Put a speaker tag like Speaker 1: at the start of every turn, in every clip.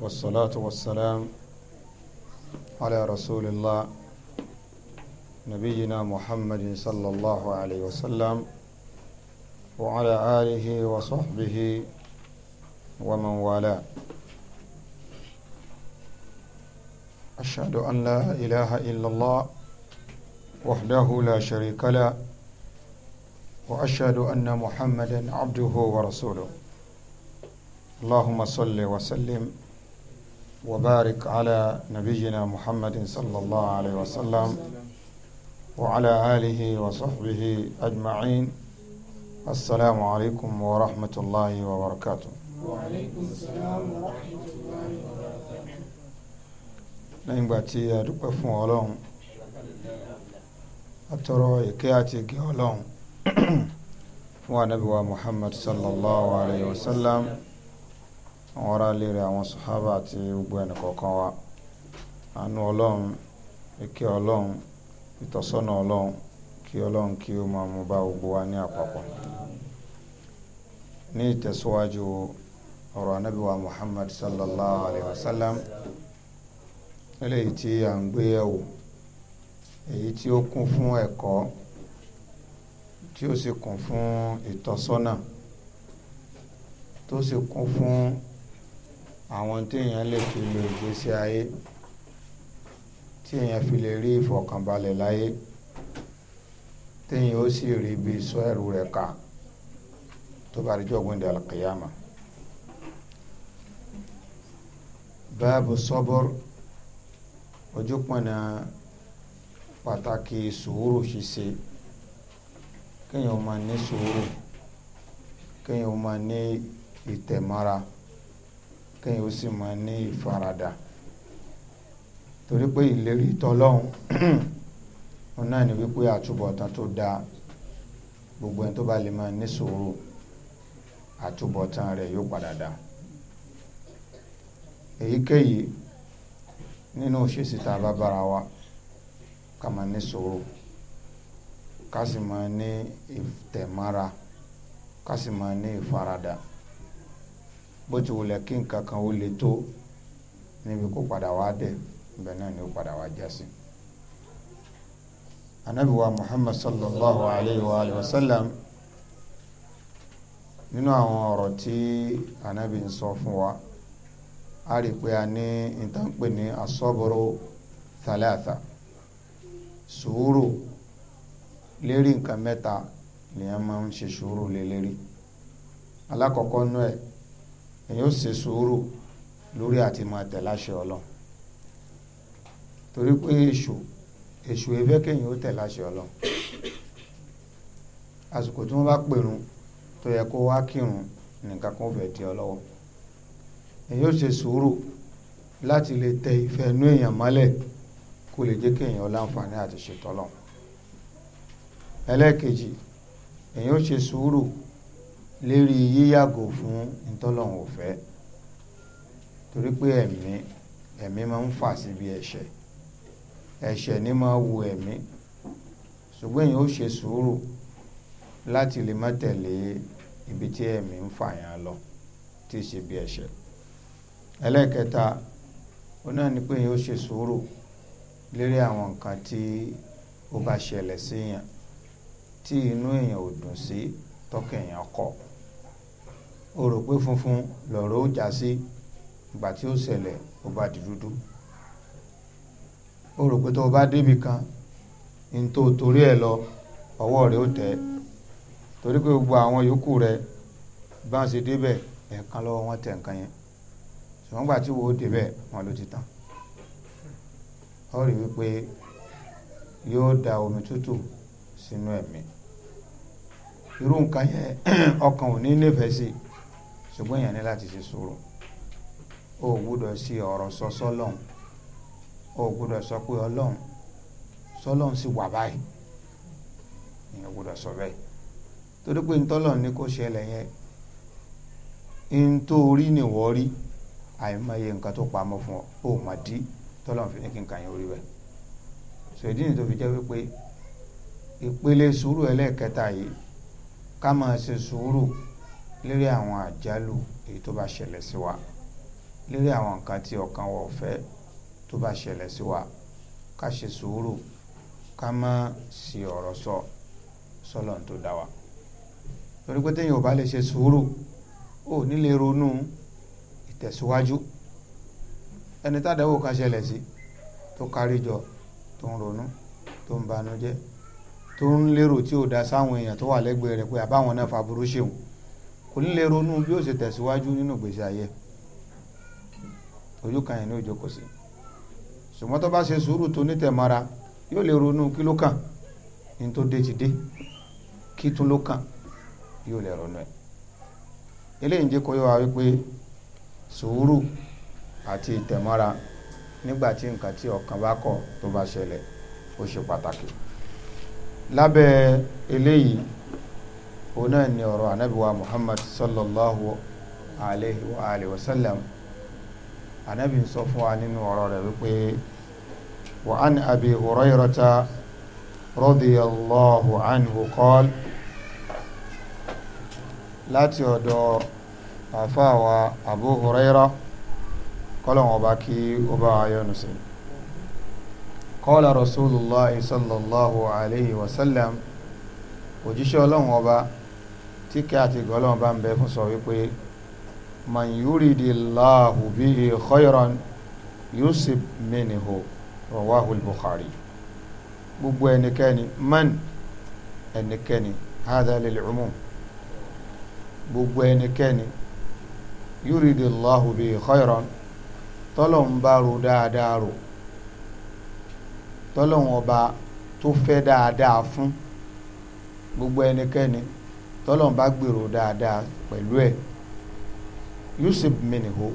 Speaker 1: والصلاة والسلام على رسول الله نبينا محمد صلى الله عليه وسلم وعلى آله وصحبه ومن والاه أشهد أن لا إله إلا الله وحده لا شريك له وأشهد أن محمدا عبده ورسوله اللهم صل وسلم وبارك على نبينا محمد صلى الله عليه وسلم وعلى آله وصحبه أجمعين السلام عليكم ورحمة الله وبركاته وعليكم السلام ورحمة الله وبركاته نعم باتي tí a dúpẹ́ أترى يكياتي àtọrọ ìkẹ́ àti ìgẹ́ ọlọ́run fún àwọn ará ilé rẹ̀ àwọn sàhábà àti gbogbo ẹnìkọ̀ọ̀kan wa àánú ọlọ́run ìkẹ́ ọlọ́run ìtọ́sọ́nà ọlọ́run kí ọlọ́run kí ó máa mú bá gbogbo wa ní àpapọ̀ ní ìtẹ̀síwájú ọ̀rọ̀ anábìwá Muhammad sallallahu alayhi wa sallam eléyìí tí à ń gbé yẹ̀wò èyí tí ó kún fún ẹ̀kọ́ tí ó sì kún fún ìtọ́sọ́nà tó sì kún fún àwọn tí èèyàn lè fi lo ìgbésí ayé tí èèyàn fi lè rí ìfọ̀kànbalẹ̀ láyé téèyàn ó sì rí bí sọ ẹrù rẹ̀ ká tó bá rí jọ̀gbọ́n di alqiyama. báàbù sọ́bọ̀r ojúpọ̀nà pàtàkì sùúrù ṣíṣe kéèyàn máa ní sùúrù kéèyàn máa ní ìtẹ̀mára kéèyàn ó sì máa ní ìfaradà torí pé ìlérí tọlọ́hún òun náà ni wípé àtúbọ̀tán tó dáa gbogbo ẹni tó bá lè máa ní sùúrù àtúbọ̀tán rẹ̀ yóò padà dáa èyíkéyìí nínú òṣèṣì tá a bá bára wa ká máa ní sùúrù ká sì máa ní ìtẹ̀mára ká sì máa ní ìfaradà bó ti wulẹ̀ kí nǹkan kan ó le tó níbi kó padà wá dé ibẹ̀ náà ni ó padà wá já anabi wa muhammad sallallahu alayhi wa alayhi wa sallam nínú àwọn ọ̀rọ̀ tí anabi ń sọ fún wa a rí pé a ní ìtànpè ní asọ́bọ̀rọ̀ thalatha sùúrù lérí nǹkan mẹ́ta lèèyàn máa ń ṣe sùúrù lé lérí alákọ̀ọ́kọ́ nú ẹ̀ èyí ó ṣe sùúrù lórí àti máa tẹ̀ láṣẹ ọlọ́run torí pé èṣù èṣù ẹ̀fẹ́ kéèyàn ó tẹ̀ láṣẹ ọlọ́run àsìkò tí wọ́n bá pèrún tó yẹ kó wá kírun nìkan kó fẹ́ di ọ lọ́wọ́ èyí ó ṣe sùúrù láti lè tẹ ìfẹ́ èèyàn mọ́lẹ̀ kó lè jẹ́ kéèyàn láǹfààní àti ṣètọ́lọ̀ ẹlẹ́ẹ̀kejì èyí ó ṣe sùúrù lérí yíyàgò fún ntọ́lọ́hún ò fẹ́ torí pé ẹ̀mí ẹ̀mí máa ń fà síbi ẹ̀ṣẹ̀ ẹ̀ṣẹ̀ ní máa wu ẹ̀mí ṣùgbọ́n èèyàn ó ṣe sùúrù láti lè má tẹ̀lé ibi tí ẹ̀mí ń fà yàn lọ tí í ṣe bí ẹ̀ṣẹ̀ ẹlẹ́ẹ̀kẹta ó náà ní pé èèyàn ó ṣe sùúrù lérí àwọn nǹkan tí ó bá ṣẹlẹ̀ sí tí inú èèyàn ò dùn sí tọ́kẹ̀ èèyàn kọ̀ o rò pé funfun lọ̀rọ̀ ó já sí ìgbà tí ó ṣẹlẹ̀ ó bá di dúdú o rò pé tó o bá débì kan ní tó o torí ẹ̀ lọ ọwọ́ rẹ ó tẹ̀ torí pé gbogbo àwọn yòókù rẹ bá ń ṣe débẹ̀ ẹ̀ẹ̀kan lọ́wọ́ wọn tẹ̀ nǹkan yẹn ṣùgbọ́n gbà tí wo ó débẹ̀ wọn ló ti tàn ó rí wípé yóò da omi tútù sínú ẹ̀mí irú nǹkan yẹn ọkàn ò ní nífẹ̀ẹ́ sí i ṣùgbọ́n èèyàn ní láti ṣe sùúrù o gbúdọ̀ ṣe ọ̀rọ̀ sọ sọ́lọ́hún o gbúdọ̀ sọ pé ọlọ́hún sọ́lọ́hún sì wà báyìí èèyàn gbúdọ̀ sọ bẹ́ẹ̀ torí pé ntọ́lọ́hún ní kò ṣẹlẹ̀ yẹn ntórí ni wọ́n rí àìmọye nǹkan tó pamọ́ fún ọ ó mà dí tọ́lọ́hún fi ní kí n kà yẹn orí bẹ́ẹ̀ sọ ìdí tó fi jẹ́ wípé ìpele sùúrù ẹlẹ́ẹ̀kẹta yìí ká máa ṣe sùúrù lérí àwọn àjálù èyí tó bá ṣẹlẹ̀ sí wa lérí àwọn nǹkan tí ọkàn wa ò fẹ́ tó bá ṣẹlẹ̀ sí wa ká ṣe sùúrù ká má sí ọ̀rọ̀ sọ sọ́lọ̀ tó dá wa torí pé téèyàn ò bá lè ṣe sùúrù ò ní lè ronú ìtẹ̀síwájú ẹni tádàwó kan ṣẹlẹ̀ sí tó kárí jọ tó ń ronú tó ń banújẹ́ tó ń lérò tí ò dá sáwọn èèyàn tó wà lẹ́gbẹ̀ẹ́ rẹ̀ pé àbáwọn náà fa burú ṣeun kò ní lè ronú bí ó ṣe tẹ̀síwájú nínú ìgbésí ayé ojú kan yẹn òjò kò sí ṣùgbọ́n tó bá ṣe sùúrù tó yóò lè ronú kí ló kàn ní tó dé ti dé kí tún ló kàn yóò lè ronú ẹ̀ eléyìí ń jẹ́ kó yọ tó bá ṣẹlẹ̀ ó ṣe pàtàkì òun náà ni ọ̀rọ̀ anábìwa muhammad sallallahu alayhi wa alayhi wa sallam anábì ń sọ fún wa nínú ọ̀rọ̀ rẹ̀ wípé wa an abi hurayrata radiyallahu anhu qal láti ọ̀dọ̀ àfáàwà abu hurayra kọ́lọ̀wọ̀n ọba kí ó bá ayọ́nu sí qala rasulullah sallallahu alayhi wa sallam òjíṣẹ́ ọlọ́run ọba tí kí àti gọ́lọ́n bá ń bẹ fún sọ wípé man yuridillahu bihi khayran yusib minhu rawahu al-bukhari gbogbo ẹnikẹ́ni man ẹnikẹ́ni hadha lil umum gbogbo ẹnikẹ́ni yuridillahu bihi khayran tọ́lọ̀ ń bá ro dáadáa rò tọ́lọ̀ ọba tó fẹ́ dáadáa fún gbogbo ẹnikẹ́ni tọ́lọ́n bá gbèrò dáadáa pẹ̀lú ẹ̀ yusuf minihu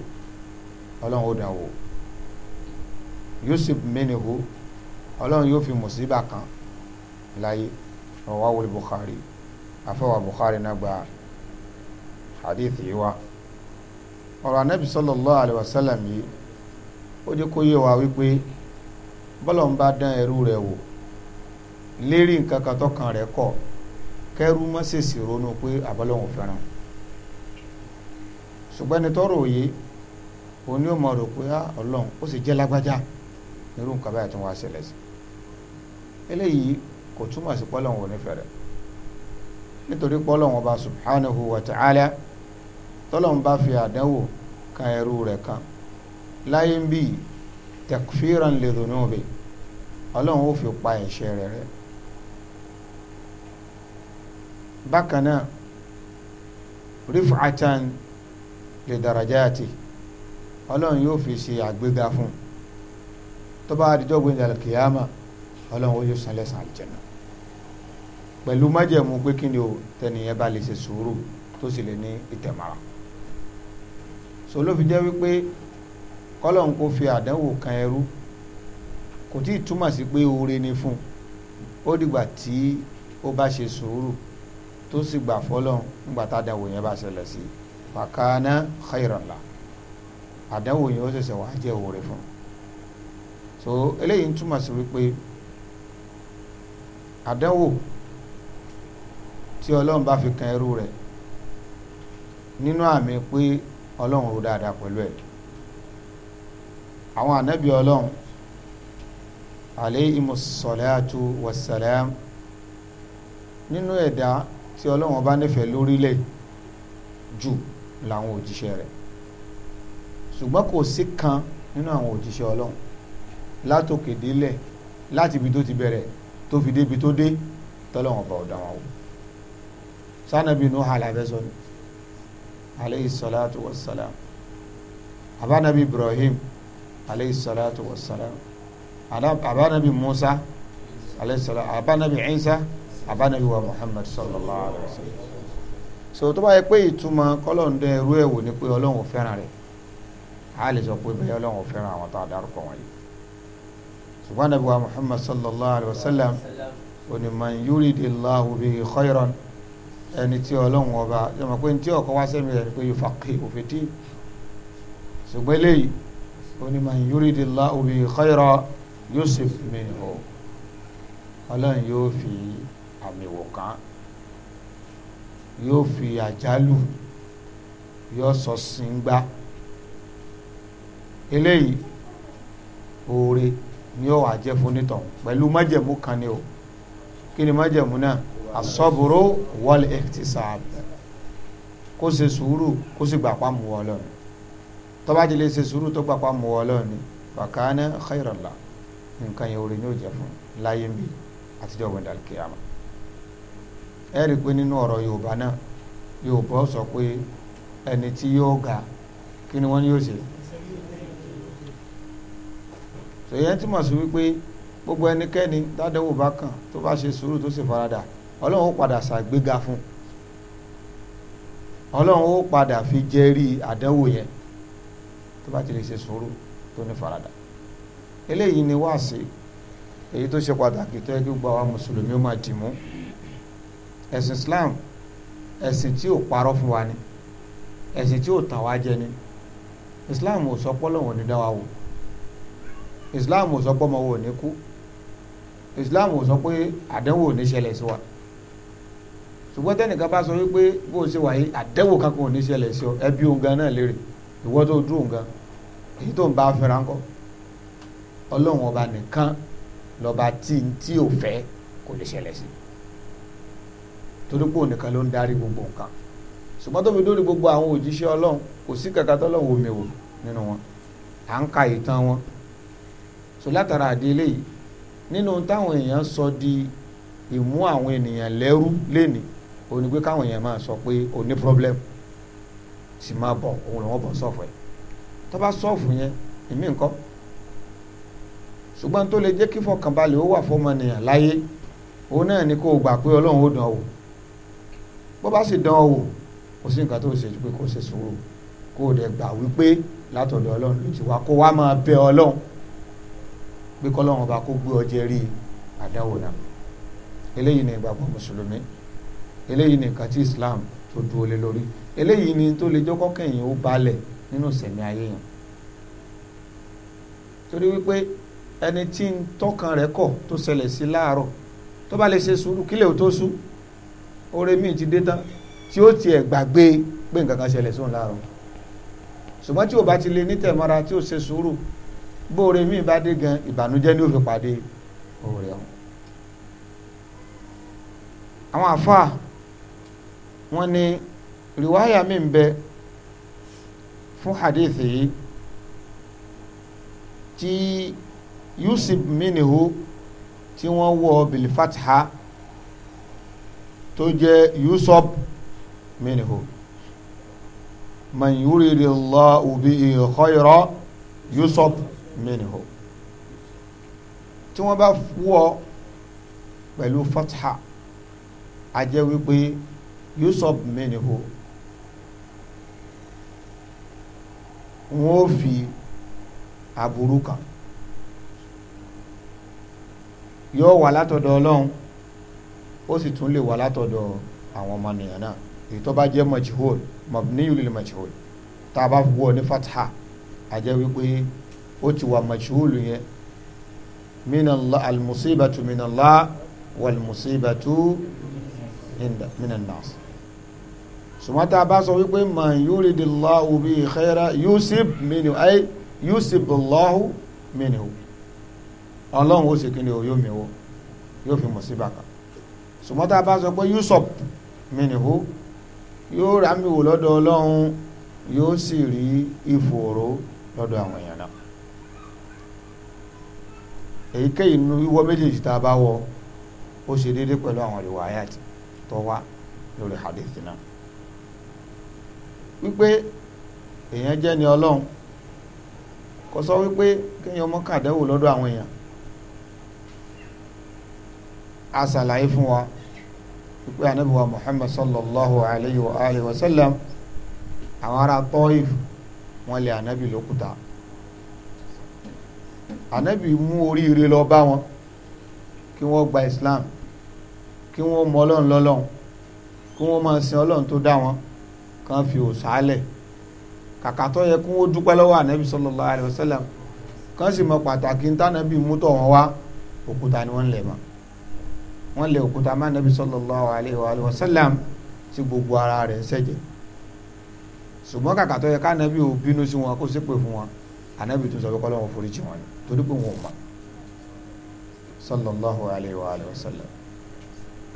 Speaker 1: ọlọ́run ó dà wò yusuf minihu ọlọ́run yóò fi mùsíbà kan láyé ọ̀wá wọlé bukhari afẹ́wà bukhari náà gba hadith yìí wá ọ̀rọ̀ anábì sallallahu alaihi wasallam yìí ó jẹ́ kó yé wa wípé bọ́lọ̀ ń bá dán ẹrú rẹ̀ wò lérí nǹkan kan tọ́kàn rẹ̀ kọ̀ kẹ́rù má ṣèṣì ronú pé àbọ́lọ́hún fẹ́ràn ṣùgbọ́n ẹni tọ́rọ òye òun ni ó mọ̀ rò pé ah, ọlọ́run ó sì jẹ́ lágbájá irú nǹkan báyìí tó ń wá ṣẹlẹ̀ sí eléyìí kò túmọ̀ sí pọ́lọ́hún ò ní fẹ́rẹ̀ nítorí pọ́lọ́hún ọba subhanahu wa ta'ala tọ́lọ́hún bá fi àdánwò kan ẹrú rẹ̀ kan láyé ń bíi takfiran li dhunubi ọlọ́run ó fi pa ẹ̀ṣẹ̀ rẹ̀ rẹ̀ bákan náà rifatan lè darajati ọlọ́run yóò fi ṣe àgbéga fún un tó bá adijọ́ gbé ìdàlẹ̀ kìyàmà ọlọ́run ó yóò san lẹ́sàn àlìjẹ̀nà pẹ̀lú májẹ̀mú pé kí ni o tẹnìyẹn bá lè ṣe sùúrù tó sì lè ní ìtẹ̀mára so ló fi jẹ́ wípé kọ́lọ́run kò fi àdánwò kan ẹrú kò tí ì túmọ̀ sí pé oore ni fún un ó dìgbà tí ó bá ṣe sùúrù tó sì gbà fọlọ́n nígbà tá àdánwò yẹn bá ṣẹlẹ̀ sí fàkànà xayiranla àdánwò yẹn ó ṣẹ̀ṣẹ̀ wá jẹ́ òwúrẹ́ fún un so eléyìí ń túmọ̀ sí wípé àdánwò tí ọlọ́run bá fi kan ẹrú rẹ̀ nínú àmì pé ọlọ́run ro dáadáa pẹ̀lú ẹ̀ àwọn ànábì ọlọ́run alayhimus salatu wassalam nínú ẹ̀dá tí ọlọ́run bá nífẹ̀ẹ́ lórílẹ̀ jù làwọn òjíṣẹ́ rẹ̀ ṣùgbọ́n kò sí kan nínú àwọn òjíṣẹ́ ọlọ́run látòkè délẹ̀ láti ibi tó ti bẹ̀rẹ̀ tó fi débi tó dé tọ́lọ́run ọba ọ̀dà wọn wò sanabi nuh alabẹ́sọ ni aleyhi salatu wa salam abanabi ibrahim aleyhi salatu wa salam abanabi musa aleyhi salatu abanabi isa àbánabi wa Muhammad sallallahu alayhi wa sallam so tó bá yẹ pé ìtumọ̀ kọ́lọ́ọ̀dẹ irú ẹ̀ wò ni pé ọlọ́run ò fẹ́ràn rẹ̀ a lè sọ pé bẹ́ẹ̀ ọlọ́run ò fẹ́ràn àwọn tó adarúkọ wọn yìí ṣùgbọ́n ànábì wa Muhammad sallallahu alayhi wa sallam òní man yuridillahu bihi khayran ẹni tí ọlọ́run ọba yọmọ pé tí ọkọ wá sẹ́mi rẹ̀ ni pé yufaqihu fi din ṣùgbọ́n eléyìí òní man yuridillahu bihi khayran yusuf minhu ọlọ́run yóò fi yìí àmì wò kán yóò fi àjálù yóò sọ síngbà eléyìí oore ni ó wà jẹ́ fún nítàn pẹ̀lú májẹ̀mú kan ni o kí ni májẹ̀mú náà asọ́bùrú wal ihtisab kó ṣe sùúrù kó sì gbà pa mú Ọlọ́run tó bá jẹ́ lè ṣe sùúrù tó gbà pa mú Ọlọ́run ni bàkánà khairan nǹkan yẹn oore ni ó jẹ́ fún láyé ń bì àtijọ́ wẹ̀ndàlì kìyàmá. ẹ rí i pé nínú ọ̀rọ̀ yorùbá náà yorùbá sọ pé ẹni tí yóò ga kí ni wọ́n yóò ṣe gbogbo ẹnikẹ́ni tádẹ́wò bá kàn tó bá ṣe sùúrù tó sì faradà ọlọ́run ó padà ṣàgbéga fún ọlọ́run ó padà fi àdánwò yẹn tó bá ti lè ṣe sùúrù tó ní ni èyí tó ṣe pàtàkì tó yẹ kí gbogbo mùsùlùmí ó máa ẹ̀sìn Islam ẹ̀sìn tí ò parọ́ fún wa ni ẹ̀sìn tí ò tàn wá jẹ ni Islam ò sọ pé Ọlọ́run ò ní dá wa wò Islam ò sọ pé ọmọ wo ní kú Islam ò sọ pé àdánwò ò ní ṣẹlẹ̀ sí wa ṣùgbọ́n tẹ́nìkan bá sọ wípé bó o ṣe wà yìí àdánwò kankan ò ní ṣẹlẹ̀ sí ọ ẹbí òun gan náà lérè ìwọ tó dúró nǹkan èyí tó ń bá fẹ́ra ńkọ́ Ọlọ́run ọba nìkan lọ́ba tí ń tí ò fẹ́ kò lè ṣẹlẹ̀ sí i torí pé òǹkan ló ń darí gbogbo nǹkan ṣùgbọ́n tóbi lórí gbogbo àwọn òjíṣẹ́ ọlọ́run kò sí kẹ̀kẹ́ tọ́lọ́run omi wò nínú wọn à ń ka ìtàn wọn so látara àdé eléyìí nínú táwọn èèyàn sọ di ìmú àwọn ènìyàn lẹ́rú lénìí òní pé káwọn èèyàn máa sọ pé o ní problem sì máa bọ̀ òun lọ́wọ́ bọ̀ sọ́ọ̀fù ẹ̀ tó bá sọ́ọ̀fù yẹn èmi nǹkan ṣùgbọ́n tó lè jẹ́ kí fọkànbalẹ̀ ó wà fọmọnìyàn láyé òun náà ni kó o gbà pé ọlọ́run ó dán o bó bá sì dán ọ wò kò sí nǹkan tó ṣe ju pé kó ṣe sùúrù kó o dẹ̀ gbà wípé látọ̀dọ̀ ọlọ́run ló ti wá kó wá máa bẹ ọlọ́run pé kọ́lọ́run ọba kó gbé ọjẹ́ rí àdáwò náà eléyìí ni ìgbàgbọ́ mùsùlùmí eléyìí ni nǹkan tí Islam tó dúró lé lórí eléyìí ni tó lè jọ́kọ́ kẹ́yìn ó balẹ̀ nínú sẹ̀mí ayé yẹn torí wípé ẹni tí ń tọ́kàn rẹ̀ kọ̀ tó ṣẹlẹ̀ sí láàárọ̀ tó bá lè ṣe sùúrù kílẹ̀ ò tó sùn oore míì ti dé tán tí ó tiẹ̀ gbàgbé pé nǹkan kan ṣẹlẹ̀ sóun láàrọ̀ ṣùgbọ́n tí o bá ti lè ní tẹ̀mọ́ra tí o ṣe sùúrù bóore míì bá dé gan ìbànújẹ́ ni ó fi pàdé oore ọ̀hún. àwọn àfáà wọn ní rìwáyà mi ń bẹ fún hadith yìí tí yusuf minihu tí wọ́n wọ bilfatha tó jẹ́ yusuf minhu man yuridi Allahu bihi khayra yusuf minhu tí wọ́n bá wọ́ pẹ̀lú fatha a jẹ́ wípé yusuf minhu wọ́n ó fi aburú kan yóò wà látọ̀dọ̀ ọlọ́run ó sì tún lè wà látọ̀dọ̀ àwọn ọmọnìyàn náà èyí tó bá jẹ́ majhul mabniyul lil majhul tá a bá wọ ní fatha a jẹ́ wípé ó ti wà majhul yẹn minallah almusibatu minallah walmusibatu minannas sùmọ́tà bá sọ wípé man yuridillahu bihi khaira yusib minhu ay yusib Allahu minhu ọlọ́run ó sì kí ni o yóò mi wọ yóò fi mọ̀ ṣùgbọ́n tá a bá sọ pé yusuf mìnìhó yóò rà mí wò lọ́dọ̀ ọlọ́run yóò sì rí ìfòòró lọ́dọ̀ àwọn èèyàn náà èyíkéyìí nu wíwọ́ méjèèjì tá a bá wọ ó ṣe déédéé pẹ̀lú àwọn riwayat tó wá lórí hadith náà wípé èèyàn jẹ́ ni ọlọ́run kò sọ wípé kéèyàn ọmọ kàdẹ́wò lọ́dọ̀ àwọn èèyàn a ṣàlàyé fún wọn wípé anábìwá Muhammad sallallahu alayhi wa alayhi wa sallam àwọn ará tọ́ìf wọ́n lé anábì lókúta anábì mú oríire lọ bá wọn kí wọ́n gba Islam kí wọ́n mọ ọlọ́run lọ́lọ́run kí wọ́n máa sin ọlọ́run tó dá wọn kàn fi òsàálẹ̀ kàkà tó yẹ kí wọ́n dúpẹ́ lọ́wọ́ anábì sallallahu alayhi wa sallam kàn sì mọ pàtàkì ntànàbì mú tọ̀ wọn wá òkúta ni wọ́n lẹ̀ mọ́ wọ́n lé òkúta má nàbí sallallahu alayhi wa alayhi wa sallam tí gbogbo ara rẹ̀ ń ṣẹ̀jẹ̀ ṣùgbọ́n kàkà tó yẹ ká nàbí ò bínú sí wọn kó ṣépè fún wọn ànábì tún sọ pé kọ́lọ́wọ́ foríjì wọn ni torí pé wọn ò mọ̀ sallallahu alayhi wa alayhi wa sallam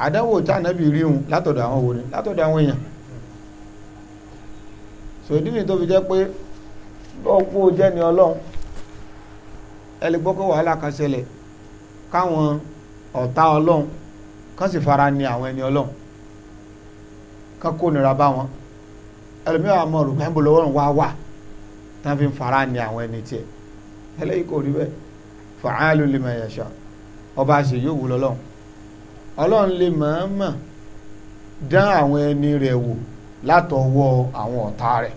Speaker 1: àdáwò tá ànábì rí wọn látọ̀dọ̀ àwọn wo ni látọ̀dọ̀ àwọn èèyàn sòdí ni tó fi jẹ́ pé bọ́ọ̀kú jẹ́ ni ọlọ́run ẹlẹgbọ́kọ̀ wàhálà kan ṣẹlẹ̀ káwọn ọ̀tá ọlọ́run kán sì fara ni àwọn ẹni ọlọ́run kán kó nira bá wọn ẹlòmíràn àmọ́ rò pé ń bọ̀ lọ́wọ́rùn wá wà tán fi ń fara ni àwọn ẹni tiẹ̀ eléyìí kò rí bẹ́ẹ̀ fa'alu lima yasha ọba àṣẹ yóò wù lọ́lọ́run ọlọ́run lè mọ̀ọ́mọ̀ dán àwọn ẹni rẹ̀ wò látọwọ́ àwọn ọ̀tá rẹ̀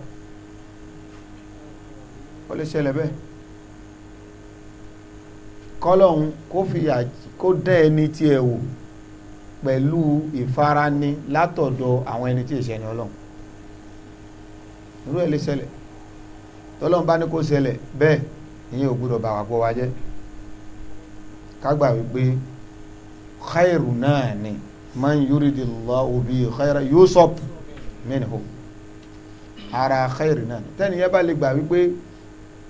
Speaker 1: ó lè ṣẹlẹ̀ bẹ́ẹ̀ kọ́lọ́hún kó fìyà kó dán ẹni tiẹ̀ wò pẹ̀lú ìfarani látọ̀dọ̀ àwọn ẹni tí ìṣẹ̀ni ọlọ́run irú ẹ̀ lè ṣẹlẹ̀ tọ́lọ́run bá ní kó ṣẹlẹ̀ bẹ́ẹ̀ ìyẹn ò gbúdọ̀ bà wá pọ̀ wá jẹ́ wípé khairu náà ni man yuridillahu bi khaira yusuf minhu ara khairu náà ni tẹ́ni yẹn bá lè gbà wípé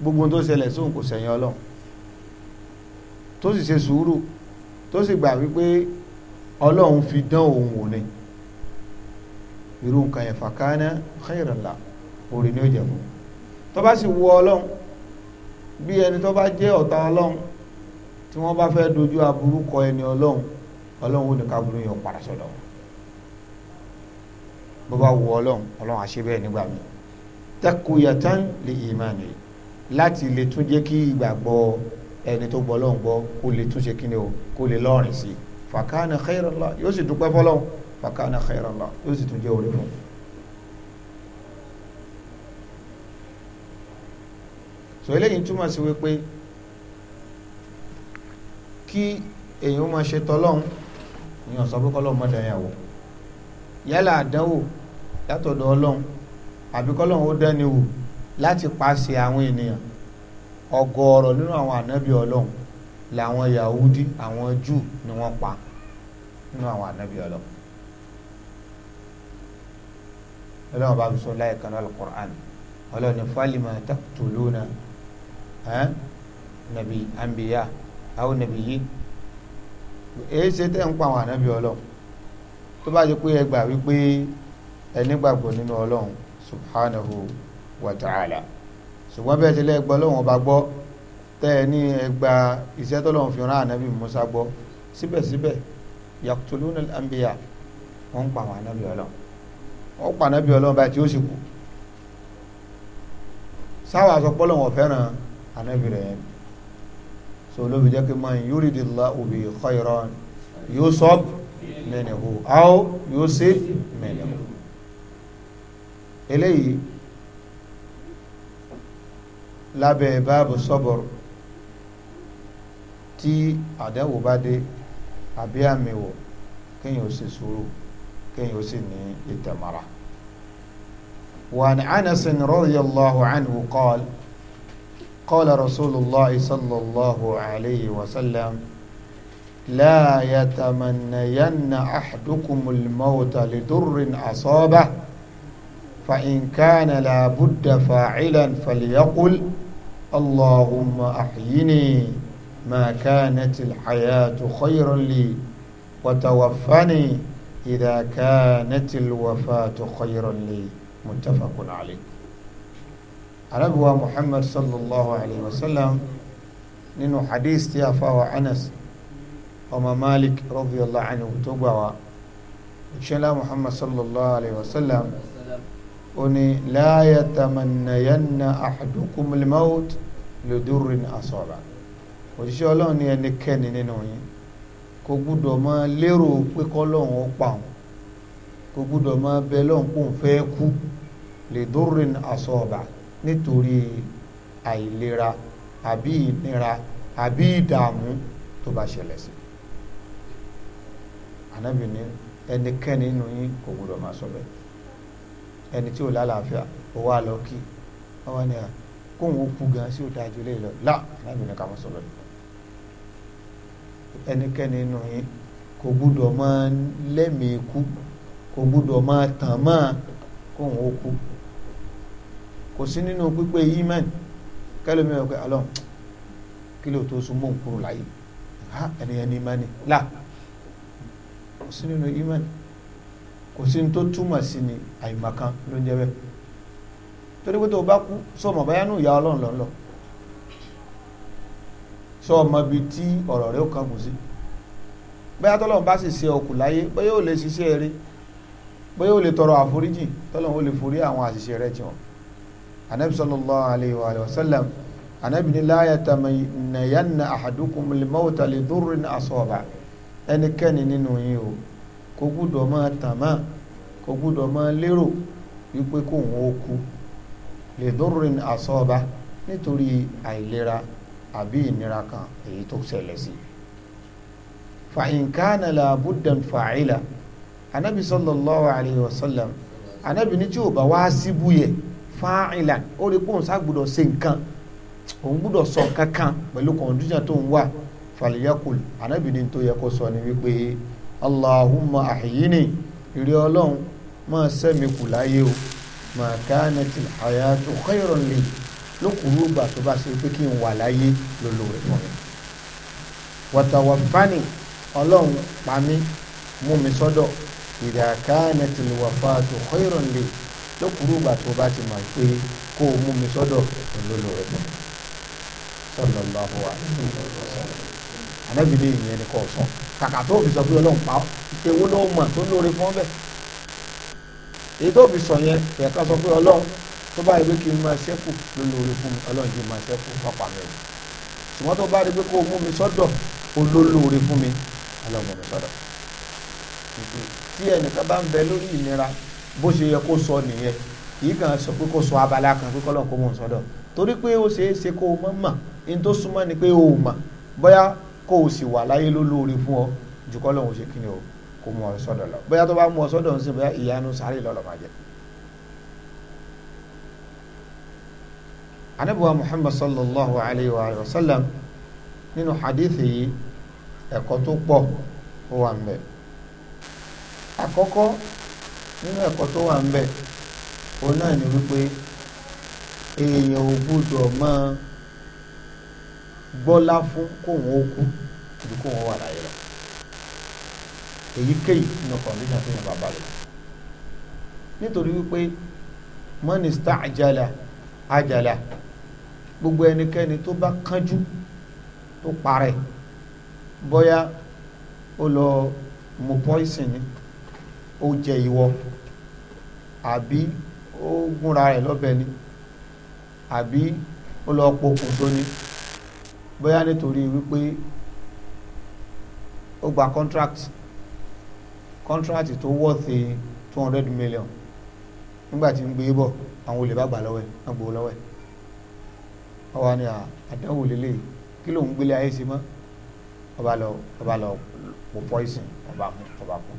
Speaker 1: gbogbo tó ṣẹlẹ̀ sóhun kò ṣẹ̀yìn ọlọ́run tó sì ṣe sùúrù tó sì gbà wípé ọlọ́run fi dán òun wò ni irú nǹkan yẹn fàkánà khayran la orí ni ó jẹ fún tó bá sì wù ọlọ́run bí ẹni tó bá jẹ́ ọ̀tá ọlọ́run tí wọ́n bá fẹ́ dojú aburú ẹni ọlọ́run ọlọ́run ó ní kaburú yẹn padà sọ̀dọ̀ bó bá wù ọlọ́run ọlọ́run á bẹ́ẹ̀ nígbà mi takuyatan li imani láti lè tún jẹ́ kí ìgbàgbọ́ ẹni tó gbọ́ ọlọ́run gbọ́ kó lè tún ṣe kí ni o kó lè lọ́rìn sí i fàkànà xeyrànlá yóò sì dúpẹ́ fọlọ́n fàkànà xeyrànlá yóò sì tún jẹ́ orí fún. sọ eléyìí túmọ̀ sí wípé kí èèyàn máa ṣe tọ́lọ́n èèyàn sọ pé kọ́lọ́n mọ́ dẹ̀yàwó yálà àdánwò látọ̀dọ̀ ọlọ́run àbí kọ́lọ́n ó dẹ́ni wò láti paṣẹ àwọn ènìyàn ọ̀gọ̀ọ̀rọ̀ nínú àwọn ànábì ọlọ́run làwọn Yahudi àwọn Júù ni wọ́n pa nínú àwọn ànábì ọlọ ọlọ́run bá sọ láyé kan lọ́lọ́ Qur'an ọlọ́run ní fálímà taqtuluna nàbí àmbíyá àwọn nàbí yìí èyí ṣe tẹ́ ń pa àwọn ànábì ọlọ́run tó bá ṣe pé ẹ gbà wípé ẹni gbàgbọ́ nínú ọlọ́run subhanahu wa ta'ala ṣùgbọ́n bẹ́ẹ̀ ṣe lẹ́gbọ́ lọ́wọ́n ọba gbọ́ tẹ́ ẹ ní ẹgbà iṣẹ́ tọ́lọ́run fi rán ànábì Musa gbọ́ síbẹ̀síbẹ̀ yaqtuluna al-anbiya wọ́n ń pa àwọn anábì ọlọ́run wọ́n pa anábì ọlọ́run báyìí tí ó sì kú sáwà sọ pé Ọlọ́run fẹ́ràn anábì rẹ̀ yẹn so olóbi jẹ́ pé man yuridillahu bi khayran yusab minhu aw yusib minhu eléyìí lábẹ́ báàbù sabr tí àdánwò bá dé àbí àmì wò kéèyàn ó sì sùúrù kéèyàn ó sì ní ìtẹ̀mọ́ra. وعن أنس رضي الله عنه قال قال رسول الله صلى الله عليه وسلم لا يتمنين أحدكم الموت لضر أصابه فإن كان لابد فاعلا فليقل اللهم أحيني ما كانت الحياة خيرا لي وتوفني إذا كانت الوفاة خيرا لي متفق عليه عربوا محمد صلى الله عليه وسلم نينو حديث تيافا أنس وما مالك رضي الله عنه تبوا إن محمد صلى الله عليه وسلم أني لا يتمنين أحدكم الموت لدر أصابه òṣìṣẹ́ ọlọ́run ní ẹnikẹ́ni nínú yín kò gbúdọ̀ mọ lérò pé kọ́lọ́run ó pa òun kò gbúdọ̀ mọ bẹ lọ́run kó òun fẹ́ kú lè dórin àsọ̀ọ̀bà nítorí àìlera àbí ìnira àbí ìdààmú tó bá ṣẹlẹ̀ sí ànábì ní ẹnikẹ́ni nínú yín kò gbúdọ̀ máa sọ bẹ́ẹ̀ ẹni tí ò lálàáfíà ó wá lọ kí wọ́n wá à kóun ó kú gan sí òtá àjọlé lọ là ànábì ní ká sọ bẹ́ẹ̀ ẹnikẹ́ni nù yín kò gbúdọ̀ máa lẹ́mìí kú kò gbúdọ̀ máa tàn máa kóhun ó kú kò sí nínú pípé yímẹ́n kẹlẹ́mi ọ̀pẹ alọ́ kí ló tó sún mọ́ ń kúrò láyé ha ẹnìyẹn ní ìmánì là kò sí nínú yímẹ́n kò sí ní tó túmọ̀ sí ni àyìnbá kan ló ń jẹ́ bẹ́ẹ̀ torí pé tó o bá kú sọ ma báyà nù ìyá ọlọ́run lọ́nlọ́ọ́ sọ ọmọ ibi tí ọ̀rọ̀ rẹ ó kàn kù sí bóyá tọ́lọ́run bá sì ṣe ọkù láyé bóyá ó lè ṣiṣẹ́ eré bóyá ó lè tọrọ àforíjì tọ́lọ́run ó lè forí àwọn àṣìṣe rẹ tiwọn anabi sallallahu alayhi wa sallam anabi ni láyà tàmíyànnà ahadukum limawta li durrin asaba ẹnikẹ́ni nínú yín o kò gbúdọ̀ máa tàmá kò gbúdọ̀ máa lérò wípé kóun ó kú li durrin asaba nítorí àìlera àbí ìnira kan èyí tó ṣẹlẹ̀ sí fa in kana la buddan fa'ila anabi sallallahu alayhi wa sallam anabi ní tí o bá wá síbú yẹ fa'ila ó rí pọ́n sá gbọ́dọ̀ ṣe nǹkan òun gbọ́dọ̀ sọ nǹkan kan pẹ̀lú kọ̀ǹdújà tó ń wà falyakul anabi ní tó yẹ kó sọ ni wípé allahumma ahyini ìrẹ́ ọlọ́run máa sẹ́mi kù láyé o ma kanat al hayatu khayran lókùúrú gbà tó bá ṣe pé kí n wà láyé lólo ẹ̀mọ́ rẹ̀ wàtàwà fani ọlọ́run pa mí mú mi sọ́dọ̀ ìdàkánà tìlùwàfà tó khairan li lókùúrú gbà tó bá ti mọ̀ pé kó o mú mi sọ́dọ̀ lólo ẹ̀mọ́ rẹ̀ sallallahu alaihi wasallam anábìlẹ̀ ìyẹn ni kò sọ kàkà tó fi sọ pé ọlọ́run pa ewu ló mọ̀ tó lóore fún bẹ́ẹ̀ èyí tó fi sọ yẹn kẹ̀kọ́ sọ pé ọlọ́run tó bá rí pé kí n máa ṣẹ́kù lólóore fún mi ọlọ́run yìí máa ṣẹ́kù ọ̀pá mi o ṣùgbọ́n tó bá rí pé kó o mú mi sọ́dọ̀ olólóore fún mi ọlọ́run mi sọ́dọ̀ tí ẹnìkan bá ń bẹ lórí ìnira bó ṣe yẹ kó sọ nìyẹn kìí kàn sọ pé kó sọ abala kan pé kọ́lọ́n kó mọ̀ sọ́dọ̀ torí pé ó ṣeé ṣe kó o mọ̀ mọ̀ in tó súnmọ́ ni pé o mọ̀ bóyá kó o sì wà láyé lólóore fún ọ jù kọ́lọ́n o kó mọ̀ sọ́dọ̀ lọ bóyá tó bá mọ̀ sọ́dọ̀ ń sìn bóyá ìyanu sáré lọ́lọ́ máa jẹ́ anabiwa muhammad sallallahu alayhi wa sallam nínú hadithi yìí ẹ̀kọ́ tó pọ̀ ó wà ń bẹ̀ àkọ́kọ́ nínú ẹ̀kọ́ tó wà ń bẹ̀ òun náà ni wípé èèyàn ò gbúdọ̀ máa gbọ́lá fún kóun ó kú ju kóun ó wà láyé lọ èyíkéyìí nínú kọ̀ǹdíṣàn tó yàn bàbá rẹ̀ nítorí wípé man ista'jala ajala gbogbo ẹnikẹ́ni tó bá kánjú tó parẹ́ bóyá ó lọ mu poison ni ó jẹ ìwọ àbí ó gúnra rẹ̀ lọ́bẹ̀ ni àbí ó lọ pokùn tó ni bóyá nítorí wípé ó gba contract contract tó wọ́ọ̀tì two hundred million nígbà tí ń gbé bọ̀ àwọn olè bá gbà lọ́wọ́ ẹ̀ wọ́n gbowó lọ́wọ́ ẹ̀ ọwọ́ ni àdánwò lélẹ̀ kí ló ń gbélé ayé sí mọ́ ọba lọ ọba lọ pò poison ọba mú ọba kú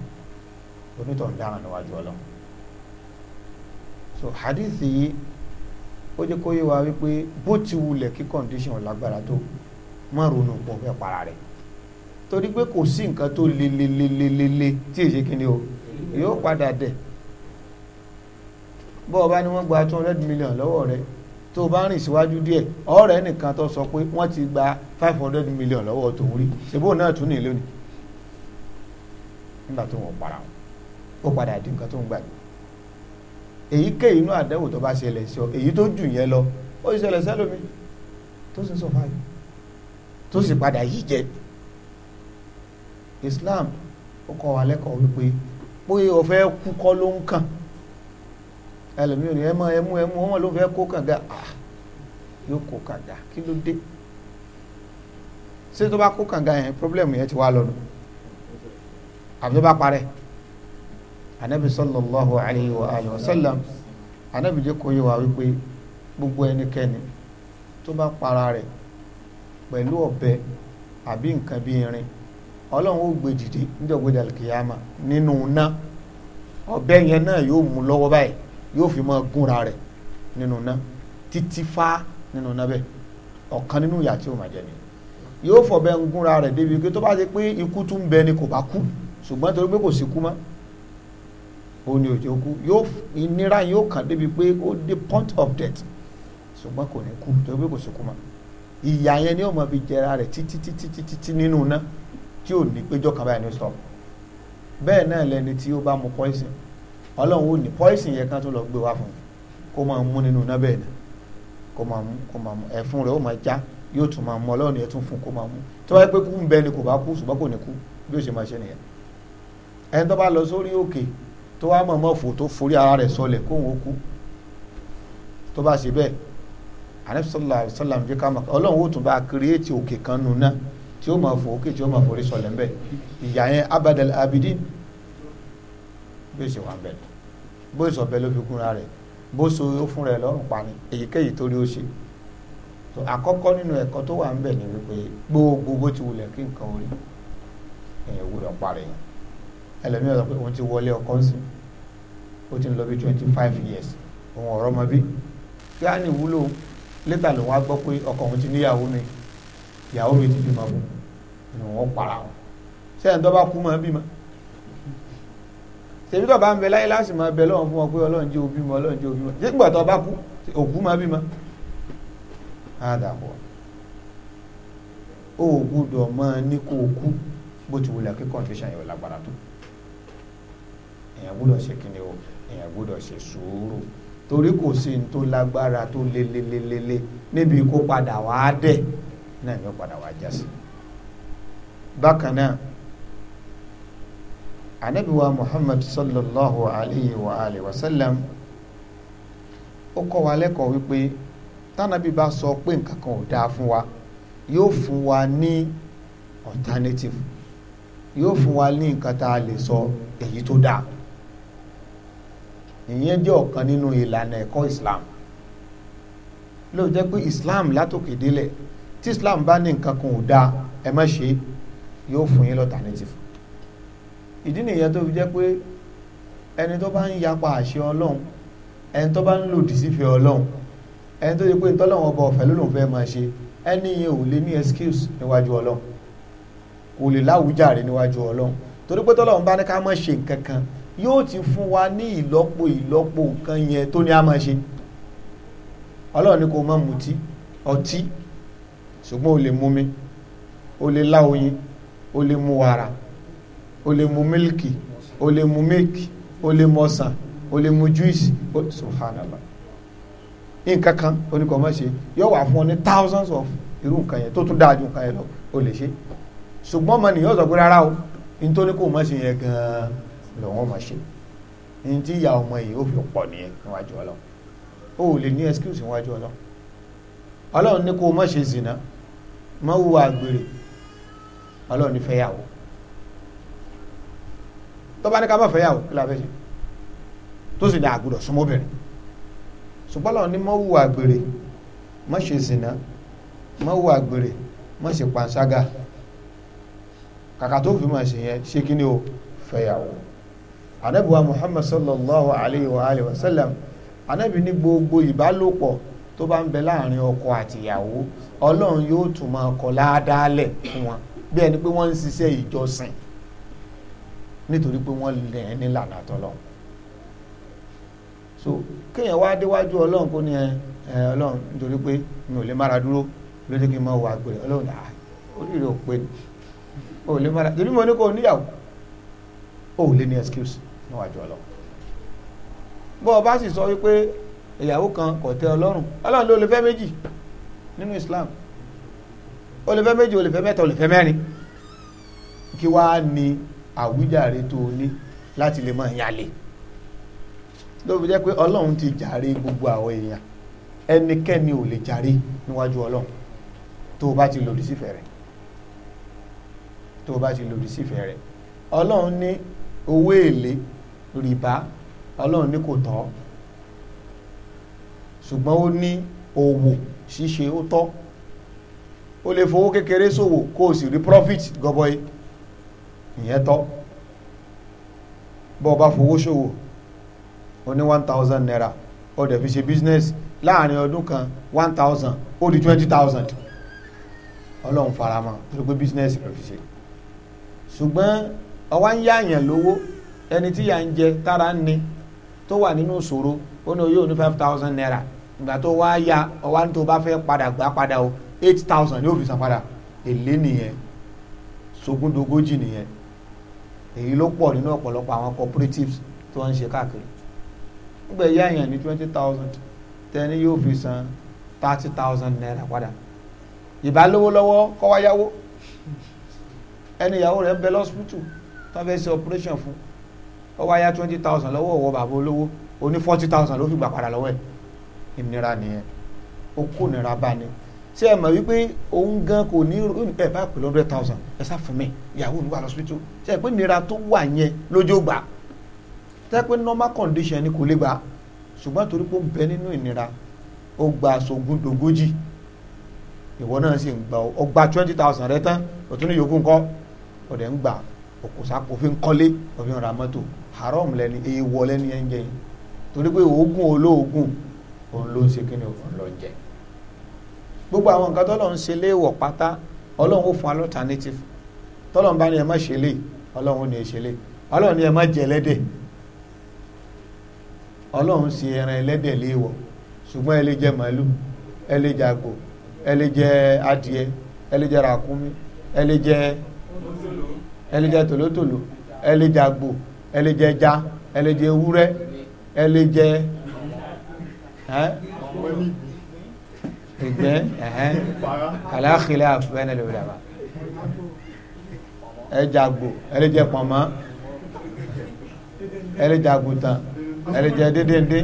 Speaker 1: onítọ̀ ń dáràn níwájú ọlọ́run so hadith yìí ó jẹ́ kó yé wa wípé bó ti wulẹ̀ kí condition lágbára tó má ronú pọ̀ fẹ́ para rẹ̀ torí pé kò sí nǹkan tó lelelelelele tí èyí kí ni o yóò padà dẹ̀ bọ́ọ̀ bá ní wọ́n gba two hundred million lọ́wọ́ rẹ̀ tó o bá rìn síwájú díẹ̀ ọ̀rẹ́ nìkan tó sọ pé wọ́n ti gba five hundred million lọ́wọ́ tòun rí ṣèbó náà tún ní lónìí nígbà tó wọ́n para wọn ó padà di nǹkan tó ń gbàgbé èyíkéyìí inú àdánwò tó bá ṣẹlẹ̀ sí ọ èyí tó jù yẹn lọ ó sì ṣẹlẹ̀ sẹ́lómi tó sì sọ fáyọ tó sì padà yí jẹ Islam ó kọ́ wa lẹ́kọ̀ọ́ wípé pé o fẹ́ kú kọ́ ló ń kàn ẹlòmíì ò ní ẹmọ ẹmú ẹmú ọmọ ló fẹ́ kó kànga ah! yóò kó kànga kí ló dé ṣé tó bá kó yẹn problem yẹn ti wá lọ́nu àbí bá parẹ́ anabi sallallahu alayhi wa alayhi wa sallam anabi jẹ́ kó yé wípé gbogbo ẹnikẹ́ni tó bá para rẹ pẹ̀lú ọbẹ àbí nǹkan bí irin ọlọ́run ó gbé dìde níjọ́ gbé nínú yóò fi máa gúnra rẹ̀ nínú ná títí fá nínú ná bẹ́ẹ̀ ọ̀kan nínú ìyà tí ó máa jẹ ni yóò fọ̀bẹ ń gúnra rẹ̀ débi pé tó bá ti pé ikú tún bẹ ni kò bá kú ṣùgbọ́n torí pé kò sí kú mọ́ òun ni òjò kú yóò ìnira yóò kàn débi pé ó dé point of death ṣùgbọ́n kò ní kú torí pé kò sí kú mọ́ ìyà yẹn ni ó máa fi jẹra rẹ̀ títí títí títí nínú ná tí ò ní péjọ kan báyìí ní stop bẹ́ẹ̀ náà lẹni tí ó bá mu poison ọlọ́run ò ní pọ́ìsì yẹn kan tó lọ gbé wá fún un kó máa mú nínú iná bẹ́ẹ̀ ni kó máa mú kó máa mú ẹ̀fun rẹ̀ ó máa já yóò tún máa mú ọlọ́run yẹn tún fún kó máa mú tó bá yẹ pé kú ń bẹ ni kò bá kú ṣùgbọ́n kò ní kú bí ó ṣe máa ṣe nìyẹn ẹni tó bá lọ sórí òkè tó wá mọ̀ọ́mọ́ fò tó forí ara rẹ̀ sọlẹ̀ kóhun ó kú tó bá ṣe bẹ́ẹ̀ anabi sallam jẹ́ ká mọ̀ ọlọ́run ó tún bá kírèétì òkè kan nù náà tí ó máa fò òkè tí ó abidin bí ó ṣe wà ń bẹ̀ bó ìsọ̀bẹ ló fi kúnra rẹ̀ bó so ó fún rẹ̀ lọ́rùn ni èyíkéyìí torí ó ṣe àkọ́kọ́ nínú ẹ̀kọ́ tó wà ń bẹ̀ ni wípé gbogbo bó ti wulẹ̀ kí nǹkan orí èèyàn gbúdọ̀ parẹ́ yẹn ẹlẹ́mìíràn sọ pé òun ti wọlé ọkọ sí ó ti ń lọ bí twenty five years òun ọ̀rọ̀ ọmọ bí kí á ní ìwúlò lẹ́tà ló wá gbọ́ pé ọkọ òun ti níyàwó mi ìyàwó mi ti bímọ bò ni wọ́n para wọn sẹ́yìn tó bá kú mọ́ bímọ tèmi tó bá ń bẹ láyé láti máa bẹ lọ́wọ́n fún wọn pé ọlọ́run jẹ́ òbí mọ ọlọ́run jẹ́ òbí mọ nígbà tó bá kú òkú máa bímọ. àdàbọ̀ ó gbúdọ̀ máa ní kó o kú bó ti wulẹ̀ kí condition yẹn ò lágbára tó èèyàn gbúdọ̀ ṣe kíni o èèyàn gbúdọ̀ ṣe sùúrù torí kò sí ní tó lágbára tó lélelelele níbi kó padà wá dẹ̀ náà ni ó padà wá já sí. bákan náà anabi wa muhammad sallallahu alayhi wa alayhi wa sallam ó kọ́ wa lẹ́kọ̀ọ́ wípé tánàbí bá sọ pé nǹkan kan ò dáa fún wa yóò fún wa ní alternative yóò fún wa ní nǹkan tá a lè sọ èyí tó dáa ìyẹn jẹ́ ọ̀kan nínú ìlànà ẹ̀kọ́ islam ló jẹ́ pé islam látòkè délẹ̀ tí islam bá ní nǹkan kan ò dáa ẹ má ṣe yóò fún yín lọ́tà nítìfù ìdí nìyẹn tó fi jẹ́ pé ẹni tó bá ń yapa àṣẹ ọlọ́run ẹni tó bá ń lòdì sífẹ́ ọlọ́run ẹni tó yẹ pé ìtọ́lọ́run ọba ọ̀fẹ́ ló lòun fẹ́ máa ṣe ẹni yẹn ò lè ní excuse níwájú ọlọ́run kò lè láwùjáre níwájú ọlọ́run torí pé tọ́lọ́run bá ní ká má ṣe nǹkan kan yóò ti fún wa ní ìlọ́po ìlọ́po nǹkan yẹn tó ní a máa ṣe ọlọ́run ní kò má mutí ọtí ṣùgbọ́n o lè mumi o lè lá oyin lè mu wàrà o lè mu mílìkì o lè mu méèkì o lè mu ọsàn o lè mu júìsì o subhanallah nǹkan kan ṣe yóò wà fún ọ ní thousands of irú nǹkan yẹn tó tún dáa ju nǹkan yẹn lọ o lè ṣe ṣùgbọ́n ọmọ nìyẹn sọ pé rárá o nítorí kò má ṣe yẹn gan-an lọ́wọ́ má ṣe ní tí ìyá ọmọ yìí ó fi pọ̀ nìyẹn níwájú ọlọ́run o ò lè ní excuse níwájú ọlọ́run ọlọ́run ní kó má ṣe zina má wù àgbèrè ọlọ́run ní fẹ́yàwó tọba bá ní ká má fẹ́ yàwó kí la fẹ́ ṣe tó sì ní àgùdọ̀ súnmọ́bìnrin ṣùgbọ́n lọ́wọ́ ní má hùwà àgbèrè má ṣe zìnà àgbèrè kàkà tó fi ṣe yẹn ṣé ni o fẹ́ yàwó wa muhammad sallallahu alayhi wa sallam anabi gbogbo ìbálòpọ̀ tó bá ọkọ àtìyàwó ọlọ́run yóò tún máa fún wọn bí ẹni pé wọ́n ń ṣiṣẹ́ ìjọsìn nítorí pé wọ́n lè ní lànà àtọ́lọ́hún so kéèyàn wá déwájú ọlọ́run kó ní ẹ ẹ ọlọ́run nítorí pé mi ò lè mára dúró ló ní kí n máa wà gbèrè ọlọ́run náà ah, oríire ò pé o ò lè mára torí mo ní kó o níyàwó o ò lè ní excuse níwájú ọlọ́run bó o bá sì sọ wípé ìyàwó kan kò tẹ́ ọlọ́run ọlọ́run ló lè fẹ́ méjì nínú Islam o lè fẹ́ méjì o lè fẹ́ mẹ́ta o lè fẹ́ mẹ́rin kí wàá ní àwíjàre tó o ní láti lè máa yàlè ló fi jẹ́ pé ọlọ́run ti jàre gbogbo àwọn èèyàn ẹnikẹ́ni ò lè jàre níwájú ọlọ́run tó o bá ti lòdì sífẹ̀ẹ́ rẹ̀ tó o bá ti lòdì sífẹ̀ẹ́ rẹ̀ ọlọ́run ní owó èlé rìbá ọlọ́run ní kò tọ́ ṣùgbọ́n ó ní òwò ṣíṣe ó tọ́ ó lè fowó kékeré ṣòwò kó o sì rí profit gọbọi ìyẹn tọ́ bọ́ ọ bá fowó ṣòwò o ní one thousand naira ó dẹ̀ fi ṣe business láàrin ọdún kan one thousand ó di twenty thousand ọlọ́run farama tó gbé business rẹ̀ fi ṣe ṣùgbọ́n ọwọ́ ń yá àyàn lówó ẹni tí yà ń jẹ tára ń ni tó wà nínú ìṣòro ó ní oyè òní five thousand naira ìgbà tó wá ya ọwọ́ ní tó bá fẹ́ padà gbà padà o eight thousand yóò fi san padà èlé nìyẹn sógúndogójì nìyẹn èyí ló pọ̀ nínú ọ̀pọ̀lọpọ̀ àwọn cooperatives tí wọ́n ń ṣe káàkiri nígbà yá èèyàn ní twenty thousand tẹni yóò fi san thirty thousand naira padà ìbá lówó lọ́wọ́ kọ́ wá yáwó ẹni ìyàwó rẹ̀ ń bẹ lọ́sibítù tó fẹ́ ṣe operation fún ọ wá yá twenty thousand lọ́wọ́ ọ̀wọ́ bàbá olówó oní forty thousand ló fi gbà padà lọ́wọ́ ẹ̀ ìnira nìyẹn ó kó nira bá ní ṣé ẹ mọ̀ wípé òun gan kò ní ẹ bá pè lọ́dọ̀ thousand ẹ sá fún mi ìyàwó mi wà lọ́sibítù ṣé ẹ pé nira tó wà yẹn lójó gbà tẹ́ pé normal condition ni kò lè gbà ṣùgbọ́n torí pé ó bẹ nínú ìnira ó gba aṣogun dógójì ìwọ náà sì ń gba ọ gba twenty thousand rẹ tán òtún ní yòókù ńkọ́ ọ̀dẹ̀ ń gbà òkùsàpò fi ń kọ́lé òfin ra mọ́tò haram lẹni èèwọ̀ lẹni ẹ̀ ń jẹ yìí torí pé oògùn olóògùn òun ló ń ṣe kí òun lọ jẹ gbogbo àwọn nǹkan tọ́lọ̀ ń ṣe léèwọ̀ pátá ọlọ́run ó fún alternative tọ́lọ́run bá ní ẹ má ṣe lè ọlọ́run ó ní ṣe lè ọlọ́run ní ẹ má jẹ ẹlẹ́dẹ̀ ọlọ́run ṣe ẹran ẹlẹ́dẹ̀ léèwọ̀ ṣùgbọ́n ẹ jẹ màálù jẹ àgbò ìgbẹ́ aláàkìlẹ̀ àfẹ́nà lórí àbá ẹjàgbò ẹlẹ́jẹ pọ̀nmọ́ ẹlẹ́jàgùtàn ẹlẹ́jẹ dédéńdé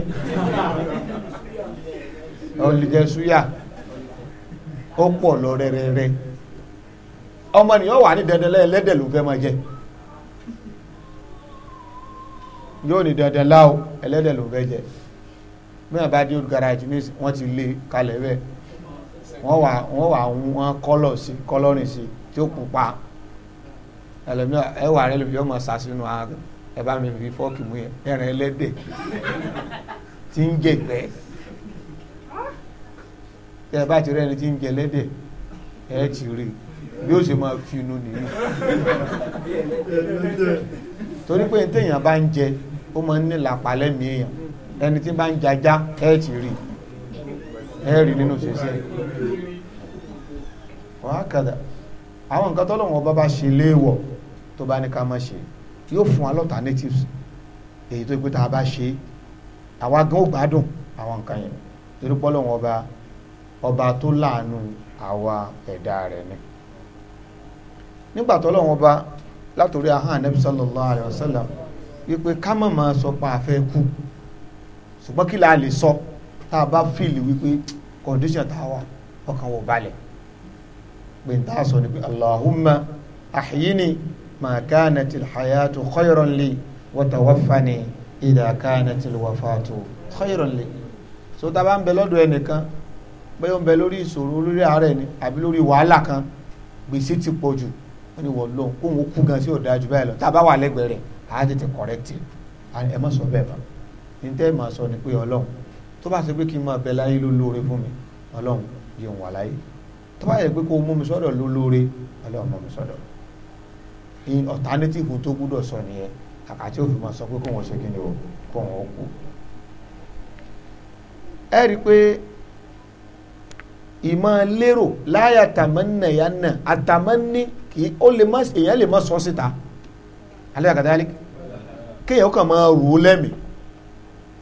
Speaker 1: ọlẹ́jẹ súyà ó pọ̀ lọ rẹ́rẹ́rẹ́ ọmọ nìyàn wà ní dandan lẹ́ẹ̀lẹ́dẹ̀ ló fẹ́ máa jẹ yóò ní dandan láò ẹlẹ́dẹ̀ ló fẹ́ jẹ bí wọn bá dé garage ní wọn ti lé kalẹ̀ bẹ́ẹ̀ wọ́n wà wọ́n wà wọ́n kọ́lọ̀ sí kọ́lọ́rìn sí tí ó pupa ẹlòmíràn ẹwà rẹ lòmíràn mọ̀ sá sínú ààrùn ẹ bá mi fi fọ́ọ̀kì mú yẹn ẹran ẹlẹ́dẹ̀ tí ń jẹ̀gbẹ́ tẹ ẹ bá ti rẹ́ni tí ń jẹ ẹlẹ́dẹ̀ ẹ ti rí bí ó ṣe máa fi inú nìyí torí pé téèyàn bá ń jẹ ó máa ń ní làpá lẹ́mìí èèyàn ẹni tí bá ń jajá ẹ ti rí ẹ̀rí nínú ṣẹṣẹ wàhákàdà àwọn nǹkan tọ́lọ́wọ́n bá bá ṣe léèwọ̀ tó bá ní ká má ṣe yóò fún wa alternatives èyí tó pé tá a bá ṣe àwa gan ó gbádùn àwọn nǹkan yẹn torí pọ́lọ́wọ́n ọba ọba tó láàánú àwa ẹ̀dá rẹ̀ ni nígbà tọ́lọ́wọ́n ọba látòrí ahán anabi sallallahu sallam wípé ká má máa sọ pa àfẹ́ kú ṣùgbọ́n kí la lè sọ tá a bá fìlì wípé condition tá a wà ọkàn wò balẹ̀ pé n tá a sọ ni pé Allahumma ahyini ma kanatil hayatu khayran li wa tawaffani idha kanatil wafatu khayran li so tá a bá ń bẹ lọ́dọ̀ ẹnìkan bẹ́ẹ̀ ń bẹ lórí ìṣòro lórí àárẹ̀ ni àbí lórí wàhálà kan gbèsè ti pọ̀ jù wọ́n ní wọ́n lóhùn kóhùn kú gan sí ọ̀dà jù báyìí lọ tá a bá wà lẹ́gbẹ̀ẹ́ rẹ̀ àá tètè kọ̀rẹ́tì ẹ má sọ bẹ́ẹ̀ mọ́ ní tẹ́ ẹ má sọ ni pé ọlọ́run tó bá ṣe pé kí n máa bẹ láyé ló lóore fún mi ọlọ́run yóò wà láyé tó bá yẹ pé kó mú mi sọ́dọ̀ ló lóore ọlọ́run mú mi sọ́dọ̀ alternative tó gbúdọ̀ sọ nìyẹn àkàtí òfin máa sọ pé kó wọn ṣe kí ni o kó wọn kú. ẹ rí i pé ìmọ̀ lérò láyé àtàmọ́nà ìyá náà àtàmọ́ní kì í ó lè má èèyàn lè má sọ síta alẹ́ àkàtà yálé kéèyàn kàn máa rò ó lẹ́mìí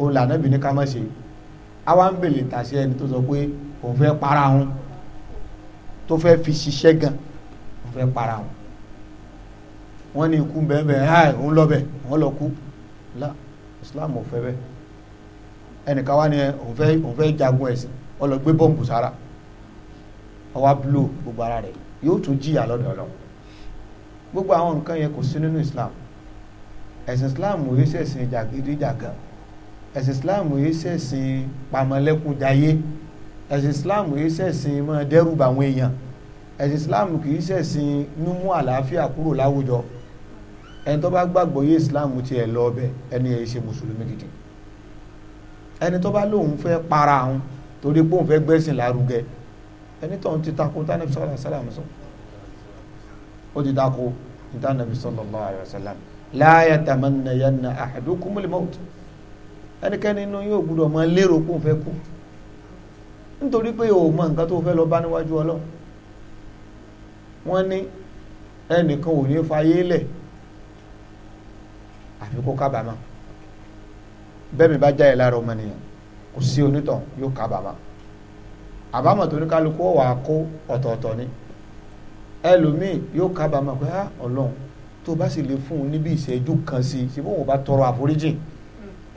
Speaker 1: òun làánà bí ká má ṣe yìí àwa ń bèlè tàṣẹ ẹni tó sọ pé òun fẹ́ para òun tó fẹ́ fi ṣiṣẹ́ gan òun fẹ́ para òun wọ́n ní ikú bẹ́ẹ̀ ẹ̀ òun lọ bẹ̀ wọ́n lọ kú la Islam ò fẹ́ bẹ́ẹ̀ ẹnìkan wá ní òun fẹ́ òun fẹ́ jagun ẹ̀sìn ó lọ gbé bọ́ǹbù sára ó wá blo gbogbo ara rẹ̀ yóò tún jìyà lọ́dọ̀ Ọlọ́run gbogbo àwọn nǹkan yẹn kò sí nínú Islam ẹ̀sìn Islam ò yẹ sẹ̀sìn jàgídíjàgan ẹ̀sìn islam yìí ṣẹ̀sìn pamọ́lẹ́kùnjayé ẹ̀sìn islam yìí ṣẹ̀sìn máa dẹ́rù bàwọn èèyàn ẹ̀sìn islam kì í ṣẹ̀sìn mímú àlàáfíà kúrò láwùjọ ẹni tó bá gbàgbọ́ yé islam tiẹ̀ lọ ọbẹ̀ ẹni ẹ̀ ṣe mùsùlùmí gidi ẹni tó bá lóun fẹ́ para àwọn torí pé òun fẹ́ gbẹ́sìn lárugẹ ẹni tó ń ti tako tánàbí sọlá sálàmù sọ ó ti tako tánàbí sọlá lọ́wọ́ àyọ̀sálàmù la yatamanna yanna ahadukumul ẹnikẹ́ni inú yóò gbúdọ̀ mọ lérò kó fẹ́ kú nítorí pé o mọ nǹkan tó fẹ́ lọ bá níwájú ọlọ́run wọ́n ní ẹnìkan ò ní fayé lẹ̀ àfi kó kábàámà bẹ́ẹ̀ mi bá jáyè lára ọmọnìyàn kò sí onítàn yóò kábàámà àbámọ̀ tó ní kálukú fún un níbi ìṣẹ́jú kan sí i tọrọ àforíjì.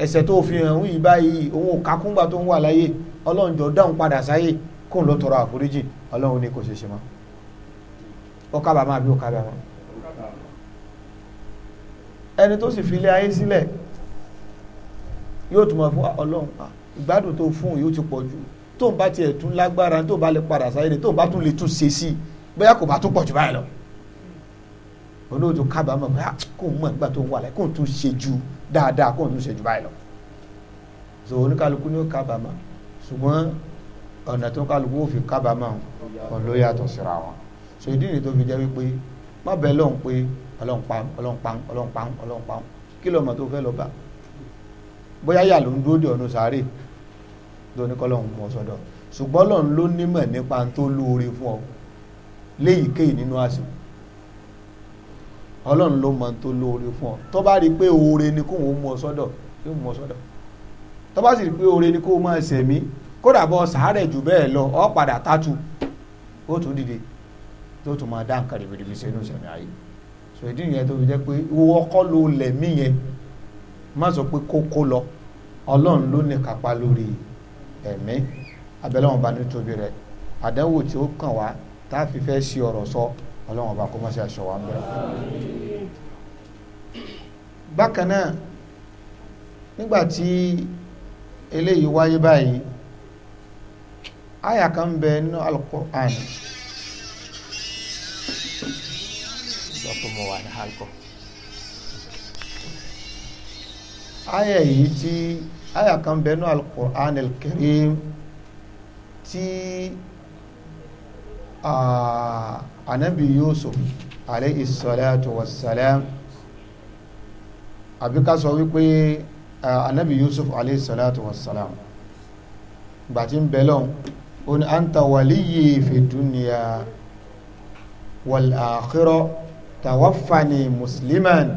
Speaker 1: ẹ̀ṣẹ̀ tó fi hàn wí báyìí òun ò kakúngbà tó ń wà láyé ọlọ́run jọ dáhùn padà sáyé kó ń lọ tọrọ àforíjì ọlọ́run ní kò ṣe ṣe mọ́ ó kábàámọ̀ àbí ó kábàámọ̀ ẹni tó sì fi ilé ayé sílẹ̀ yóò tún mọ̀ fún ọlọ́run pa ìgbádùn tó fún yóò ti pọ̀ jù tó ń bá tiẹ̀ tún lágbára tó ń bá lè padà sáyé ni tó ń bá tún lè tún ṣe sí i bóyá kò bá tún pọ̀ jù báyìí lọ olóòtú kábàámọ̀ bóyá kò mọ̀ nígbà tó ń wà láyé kò tún ṣe ju dáadáa kóun tún ṣe jù báyìí lọ so oníkálukú ni ó kábàámọ̀ ṣùgbọ́n ọ̀nà tó kálukú ó fi kábàámọ̀ òun ló yàtọ̀ síra wọn so ìdí nìyí tó fi jẹ́ wípé má bẹ́ẹ̀ lọ́hùn pé ọlọ́hun pa ọlọ́hun pa kí ló mọ̀ tó fẹ́ lọ bóyá yà ló ń dúró de ọ̀nà sáré tó ní kọ́lọ́hún mọ̀ sọ́dọ̀ ṣùgbọ́n lọ́hùn ló nímọ̀ nípa tó lóore fún ọ léyìíkéyìí nínú àsìkò ọlọ́run ló mọ tó lóore fún ọ tó bá rí i pé oore ni kó òun mú ọ sọ́dọ̀ yóò mú ọ sọ́dọ̀ tó bá sì rí i pé oore ni kó o máa ṣẹ̀mí kódà bọ́ sàárẹ̀ jù bẹ́ẹ̀ lọ ọ padà tatu ó tún dìde tó tún máa dá nǹkan rìbìrìbì sínú sẹ̀mí ayé sọ ìdí yẹn tó fi jẹ́ pé owó ọkọ́ ló lẹ̀mí yẹn má sọ pé kókó lọ ọlọ́run ló ní kápá lórí ẹ̀mí abẹ́lẹ́wọ̀n bá nítorí rẹ̀ àdánwò tí ó kàn wá tá a fi fẹ́ ṣe ọ̀rọ̀ sọ ọlọ́run ọba kó má ṣe aṣọ wa ń bẹ̀rẹ̀ bákan náà nígbà tí eléyìí wáyé báyìí àyà kan ń bẹ nínú alukur'an àyà yìí tí àyà kan ń bẹ nínú alukur'an al-karim tí. Uh, anabi yusuf alayhi salatu wassalam àbí ká sọ wípé anabi yusuf alayhi salatu wassalam gbàtí ń bẹ lọ́hùn ó ní anta waliyi fi dunya wal akhirah tawaffani musliman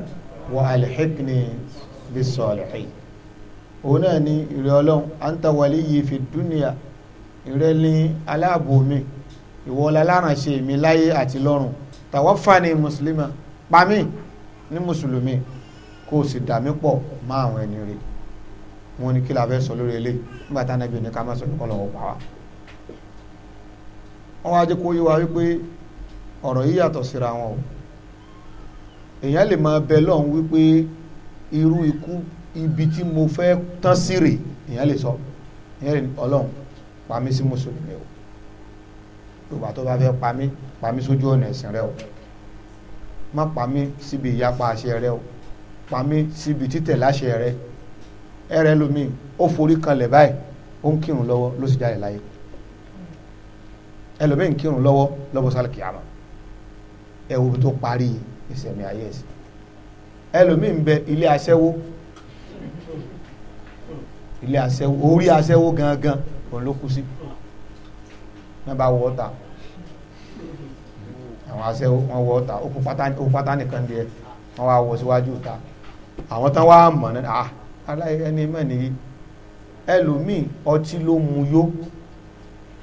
Speaker 1: wa alhiqni bis salihin òun náà ní ìrẹ́ ọlọ́run anta waliyi fi dunya ìrẹ́ ní aláàbò mi ìwọlá láránṣe mi láyé àti lọ́run tawaffani mùsùlùmí pamí ní mùsùlùmí kó o sì dà mí pọ̀ mọ́ àwọn ẹni rẹ̀ wọn ni kí la fẹ́ sọ lórí eléyìí nígbà tá nàbí ní ká má sọ nìkan lọ́wọ́ pa wá. wọ́n wá jẹ́ kó yé wa wípé ọ̀rọ̀ yìí yàtọ̀ síra wọn o èèyàn lè máa bẹ lọ́hùn wípé irú ikú ibi tí mo fẹ́ tán sí rè èèyàn lè sọ èèyàn lè ọlọ́run pa mí sí mùsùlùmí o ìwà tó bá fẹ́ pa mí pa mí sójú ọ̀nà ẹ̀sìn rẹ o má pa mí síbi ìyapa àṣẹ rẹ o pa mí síbi títẹ̀ láṣẹ rẹ ẹrẹ lomi ó forí kanlẹ̀ báyìí ó ń kírun lọ́wọ́ ló sì jáde láyé ẹlòmíì ń kírun lọ́wọ́ lọ́wọ́ sálùkì àmọ́ ẹ wo tó parí ìsẹ̀mí ayé ẹ̀sìn ẹlòmíì ń bẹ ilé aṣẹ́wó ilé aṣẹ́wó orí aṣẹ́wó gangan òun ló kú sí náà bá wọ ọ́ta àwọn aṣẹ́ wọn wọ ọ̀tà okùn pátá nìkan díẹ̀ wọn wá wọ síwájú ìta àwọn tán wá mọ̀ ní à ah, aláì ẹni mọ̀ nìyí ẹlòmíì ọtí ló mu yó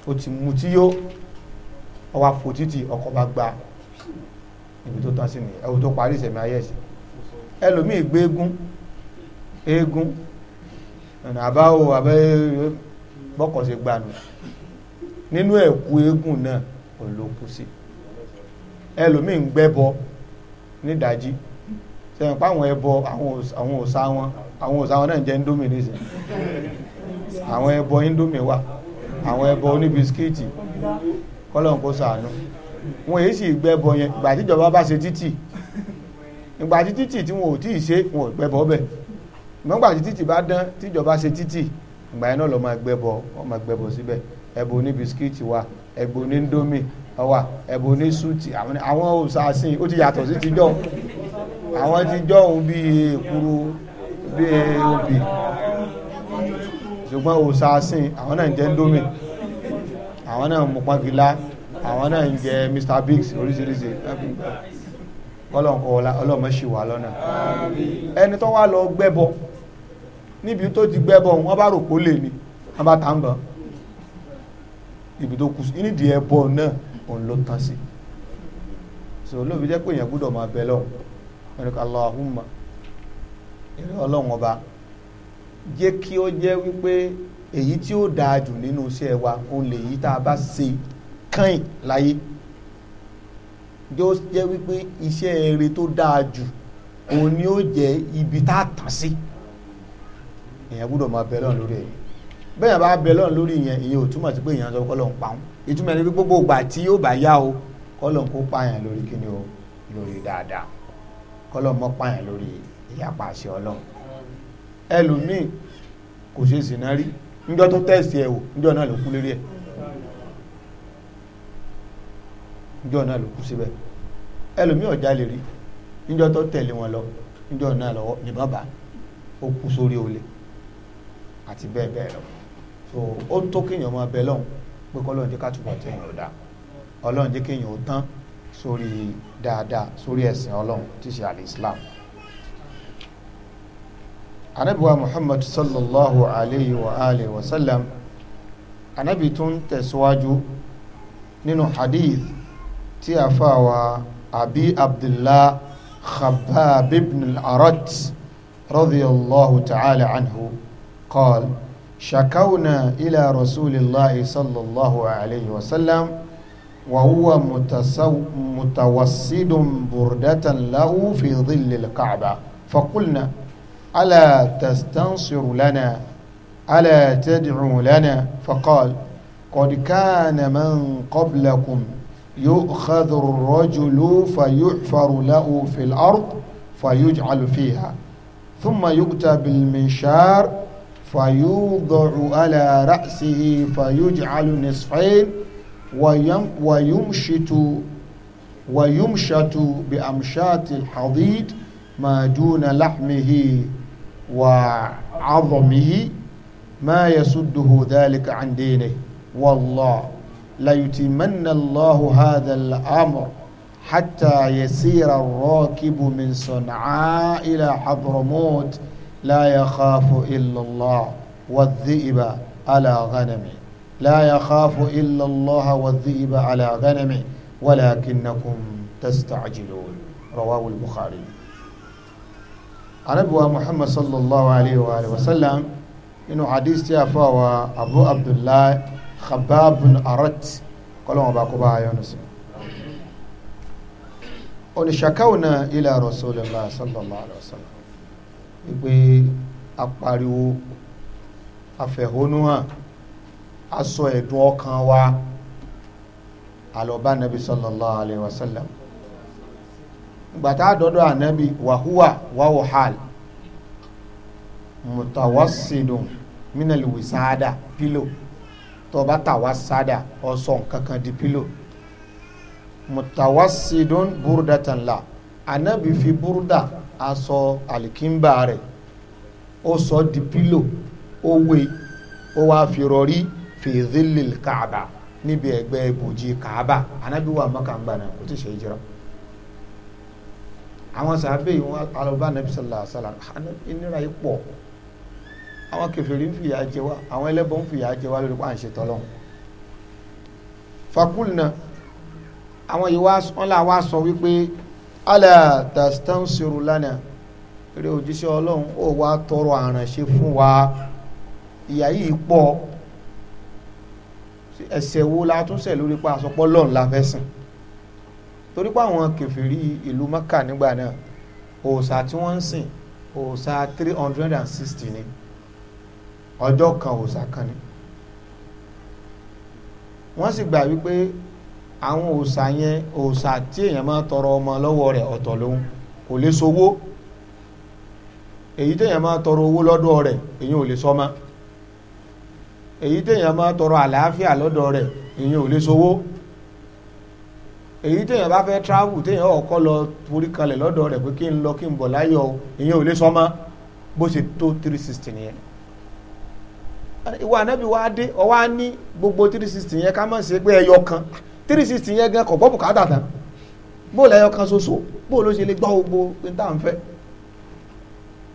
Speaker 1: ó ti mu tí yó ọwọ́ àfòtítì ọkọ̀ bá gba ibi tó tán sí ni ẹ̀wù tó parí ìsẹ̀mí ayé ẹ̀sìn ẹlòmíì gbé eégún eégún àbáwò àbẹ́ bọ́kọ̀ sí gbanú nínú ẹ̀kú eégún náà òun ló kú sí ẹlòmíì ń gbẹ́bọ nídàájí sẹ́yìn pa àwọn ẹbọ àwọn òòṣà wọn àwọn òòṣà wọn náà ń jẹ indomie nísìn àwọn ẹbọ indomie wà àwọn ẹbọ oníbisikíìtì kọ́lọ̀ ń kó sàánú wọn èyí sì gbẹ́bọ yẹn ìgbà tíjọba bá ṣe títì ìgbà tí títì tí wọn ò tíì ṣe wọn ò gbẹ́bọ bẹ̀ ìgbà tí títì bá dán tíjọba ṣe títì ìgbà yẹn náà lọ máa gbẹ́bọ ọ gbẹ́bọ síbẹ̀ ẹbọ oníbisikíìtì wà ẹbọ oníndómì ọwà ẹ̀bùn ní súùtì àwọn òsàsìn ó ti yàtọ̀ sí tijọ́ àwọn tijọ́ òun bíi èkúrú bíi obì ṣùgbọ́n òsàsìn àwọn náà ń jẹ ndómì àwọn náà mú pọ́ngilá àwọn náà ń jẹ Mr Biggs oríṣiríṣi ọlọ́mọ ṣì wà lọ́nà ẹni tó wá lọ gbẹ́bọ níbi tó ti gbẹ́bọ wọ́n bá rò kó lè ní wọ́n bá ta ibi tó kù sí nídìí ẹbọ náà òun ló tán sí so olóòbí jẹ́ pé èèyàn gbúdọ̀ máa bẹ lọ́hùn ẹnu ká Allahumma èrè ọlọ́run ọba jẹ́ kí ó jẹ́ wípé èyí tí ó dáa jù nínú iṣẹ́ wa òun lè yí tá a bá ṣe kàn láyé jọ jẹ́ wípé iṣẹ́ eré tó dáa jù òun ni ó jẹ́ ibi tá a tàn sí èèyàn gbúdọ̀ máa bẹ lọ́hùn lórí ẹ̀ bẹ́ẹ̀ bá bẹ lọ́hùn lórí yẹn ìyẹn ò túmọ̀ sí pé èèyàn sọ pé Ọlọ́run pa òun ìtumọ̀ ní gbogbo ìgbà tí yóò bá yá o kọ́lọ̀ kó pààyàn lórí kíni o lórí dáadáa kọ́lọ̀ mọ́ pààyàn lórí ìyapa àṣẹ ọlọ́run ẹlòmíì kò ṣe sìnà rí níjọ́ tó tẹ̀sí ẹ̀ wò níjọ́ náà ló kú lérí ẹ̀ níjọ́ náà ló kú síbẹ̀ ẹlòmíì ọ̀já lè rí níjọ́ tó tẹ̀lé wọn lọ níjọ́ náà lọ́wọ́ ní bàbá ó kú sórí olè àti bẹ́ẹ̀ bẹ́ẹ̀ lọ so ó tó kéèyàn máa bẹ lọ́hùn pé kọ́lọ́n jẹ́ ká túbọ̀ tẹ̀ èèyàn dá ọlọ́run jẹ́ kéèyàn ó tán sórí dáadáa sórí ẹ̀sìn ọlọ́run tí ṣe àlè islam anabiwa muhammad sallallahu alayhi wa alihi wa sallam anabi tún tẹ̀síwájú nínú hadith tí a fà wá abi abdullah khabbab ibn arat radiyallahu ta'ala anhu qala شكونا إلى رسول الله صلى الله عليه وسلم وهو متسو متوسد بردة له في ظل الكعبة فقلنا ألا تستنصر لنا ألا تدعو لنا فقال قد كان من قبلكم يؤخذ الرجل فيحفر له في الأرض فيجعل فيها ثم يؤتى بالمنشار فيوضع على رأسه فيجعل نصفين ويم ويمشط ويمشط بأمشات الحضيض ما دون لحمه وعظمه ما يسده ذلك عن دينه والله ليتمن الله هذا الأمر حتى يسير الراكب من صنعاء إلى حضرموت لا يخاف إلا الله والذئب على غنمه لا يخاف إلا الله والذئب على غنمه ولكنكم تستعجلون رواه البخاري anabiwa muhammad sallallahu alayhi wa alayhi wa sallam inú hadith tí a fọ wa abu abdullahi khababun arat kọlọ́n ọba kó bá a yọnu sí. oníṣàkáwò náà ila rasulillah sallallahu alayhi wa sallam wípé apariwo afẹ̀hónúhàn aṣọ ẹ̀dùn ọkàn wa alọba nabi sallallahu alayhi wa sallam gbàtà àdọ́dọ̀ ànábi wàhúwà wàhúhàl mutawassidun minal wisada pilo tọba tawasada ọsọ nkankan di pilo mutawassidun burdatan la ànábi fi burda aṣọ àlìkínbà rẹ̀ ó sọ di pílò ó wé ó wá fi rọrí fèzílì káàbà níbi ẹ̀gbẹ́ ibòji káàbà anábíwá mọ́kàngbàna kò tí ì ṣe é jìrọ̀ àwọn sàbẹ̀ yìí wọn alọ́ba anabi sallallahu alayhi wa sallam yìí pọ̀ àwọn kèfèrí ń fìyà jẹ wá àwọn ẹlẹ́bọ ń fìyà jẹ wá lórí pa à ń ṣe tọ́lọ́hún fakulna àwọn yìí wọn là wá sọ wípé ala tastansiru lana eré òjíṣẹ́ ọlọ́run ó wá tọrọ àrànṣe fún wa ìyà yìí pọ̀ ẹ̀ṣẹ̀ wo la tún ṣẹ̀ lórí pa àsọpọ̀ lọ́run la fẹ́ sìn torí pé àwọn kẹfìrí ìlú mẹ́kà nígbà náà òòṣà tí wọ́n ń sìn òòṣà three hundred and sixty ni ọjọ́ kan òòṣà kan ni wọ́n sì gbà wípé àwọn òòsà yẹn tí èèyàn máa tọrọ ọmọ lọ́wọ́ rẹ̀ ọ̀tọ̀ lòun kò lè sowó èyí téèyàn máa tọrọ owó lọ́dọ̀ rẹ̀ èyí ò lè sọmọ èyí téèyàn máa tọrọ àlàáfíà lọ́dọ̀ rẹ̀ èyí ò lè sowó èyí téèyàn bá fẹ́ travel téèyàn ọkọ lọ forí kalẹ̀ lọ́dọ̀ rẹ̀ pé kí n lọ kí n bọ̀ láyọ̀ èyí ò lè sọmọ bó ṣe three sixty yẹn gan kò gbọ́ bùkátà tán bó lẹ́yọ kan ṣoṣo bó ló ṣe lè gbọ́ gbogbo níta ń fẹ́.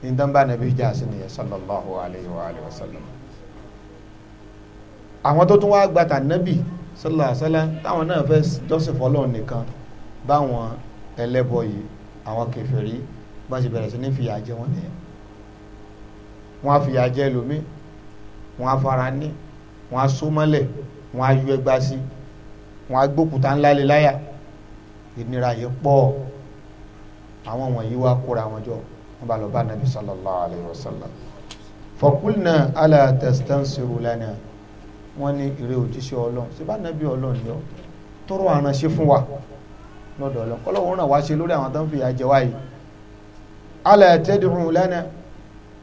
Speaker 1: ìdánbà nàbí ìjà sí nìyẹn sallallahu alayhi wa alayhi wa sallam. àwọn tó tún wá gbàtà nàbì sallallahu alayhi wa sallam táwọn náà fẹ́ jọ́sìn fọlọ́ọ̀ nìkan báwọn ẹlẹ́bọ yìí àwọn kèfèrí bá ṣe bẹ̀rẹ̀ sí ní fìyà jẹ wọn nìyẹn wọn á fìyà jẹ ẹlòmíì wọn á fara ní wọn á só mọ́lẹ̀ wọn á yọ ẹgbàá sí i wọn á gbókùtà ńlá lé láyà ìnira yìí pọ̀ àwọn wọ̀nyí wá kóra wọn jọ wọn bá lọ bá nàbí sallallahu alayhi wa sallam fọkúlnà ala tastansiru lana wọn ní ìrè òjíṣẹ́ Ọlọ́run ṣé bá nàbí Ọlọ́run yọ tọrọ àránṣe fún wa lọ́dọ̀ Ọlọ́run kọlọwọn ràn wá ṣe lórí àwọn tó ń fìyà jẹ wá yìí ala tad'u lana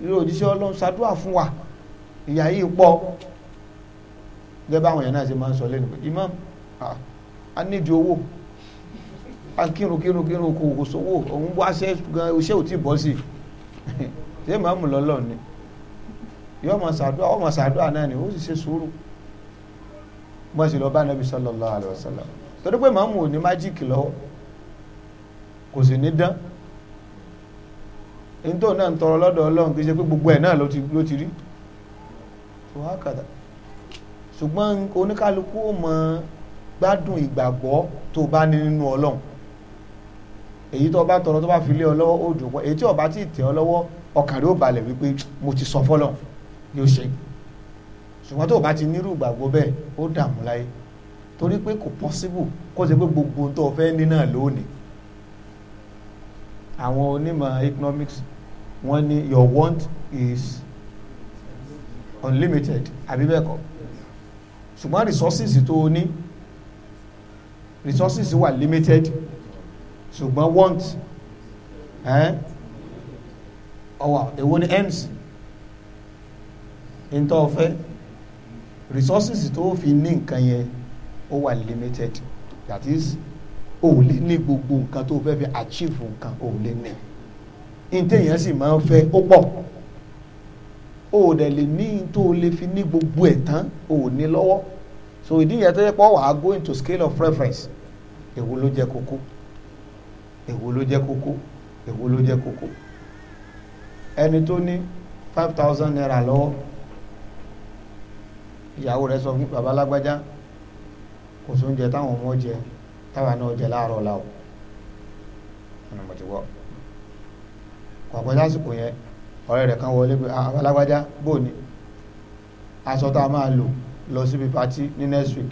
Speaker 1: ìrè òjíṣẹ́ ṣàdúrà fún wa ìyà yìí pọ̀ gẹ́gẹ́ báwọn yẹn náà ṣe máa ń sọ lẹ́nu pé imam a nídi owó a kírun kírun kírun kò kò sówó ṣe gan iṣẹ́ ni yóò ọ sàdúrà ọmọ sàdúrà ni o si ṣe suru. ma sì lo bá nàbí sallallahu alaihi wasallam torí pé màá mú ò ní májíìkì lọ́wọ́ kò sì ní dán nítorí gbogbo ti gbádùn ìgbàgbọ́ tó bá ní nínú ọlọ́run èyí tó bá tọrọ tó bá fi lé ọ lọ́wọ́ ó dùn pọ̀ èyí tí ọba tí ì tẹ̀ ọ lọ́wọ́ ọkàn rẹ ó balẹ̀ wípé mo ti sọ fọlọ́ ni ó ṣe ṣùgbọ́n tó o bá ti nírú ìgbàgbọ́ bẹ́ẹ̀ ó dààmú láyé torí pé kò pọ́síbù kó ṣe pé gbogbo tó o fẹ́ ní náà lónìí àwọn onímọ̀ economics wọ́n ní your want is unlimited àbí bẹ́ẹ̀ kọ́ ṣùgbọ́n resources tó o ní resources wà limited ṣùgbọ́n want ọwà èwo ni ends ntọ́ ọ̀fẹ́ resources tó fi ní nǹkan yẹn ó wà limited that is o ò lè ní gbogbo nǹkan tó fẹ́ fi achieve nǹkan o ò lè ní ntẹ̀yìn sì máa ń fẹ́ ó pọ̀ o ò dẹ̀ lè ní tó o lè fi ní gbogbo ẹ̀ tán o ò ní lọ́wọ́ so ìdí yẹn tó yẹ pé wàá go into scale of preference èwo ló jẹ́ kókó èwo ló jẹ́ kókó èwo ló jẹ́ kókó ẹni tó ní five thousand naira lọ́wọ́ ìyàwó rẹ̀ sọ fún baba lágbájá kò sóúnjẹ táwọn ọmọ jẹ táwa náà jẹ láàárọ̀ la o ọ̀nà mo ti wọ̀ kọ̀ọ̀kan lásìkò yẹn ọ̀rẹ́ rẹ̀ kan wọlé pé baba lágbájá bò ní aṣọ tá a máa lò lọ síbi pati ní next week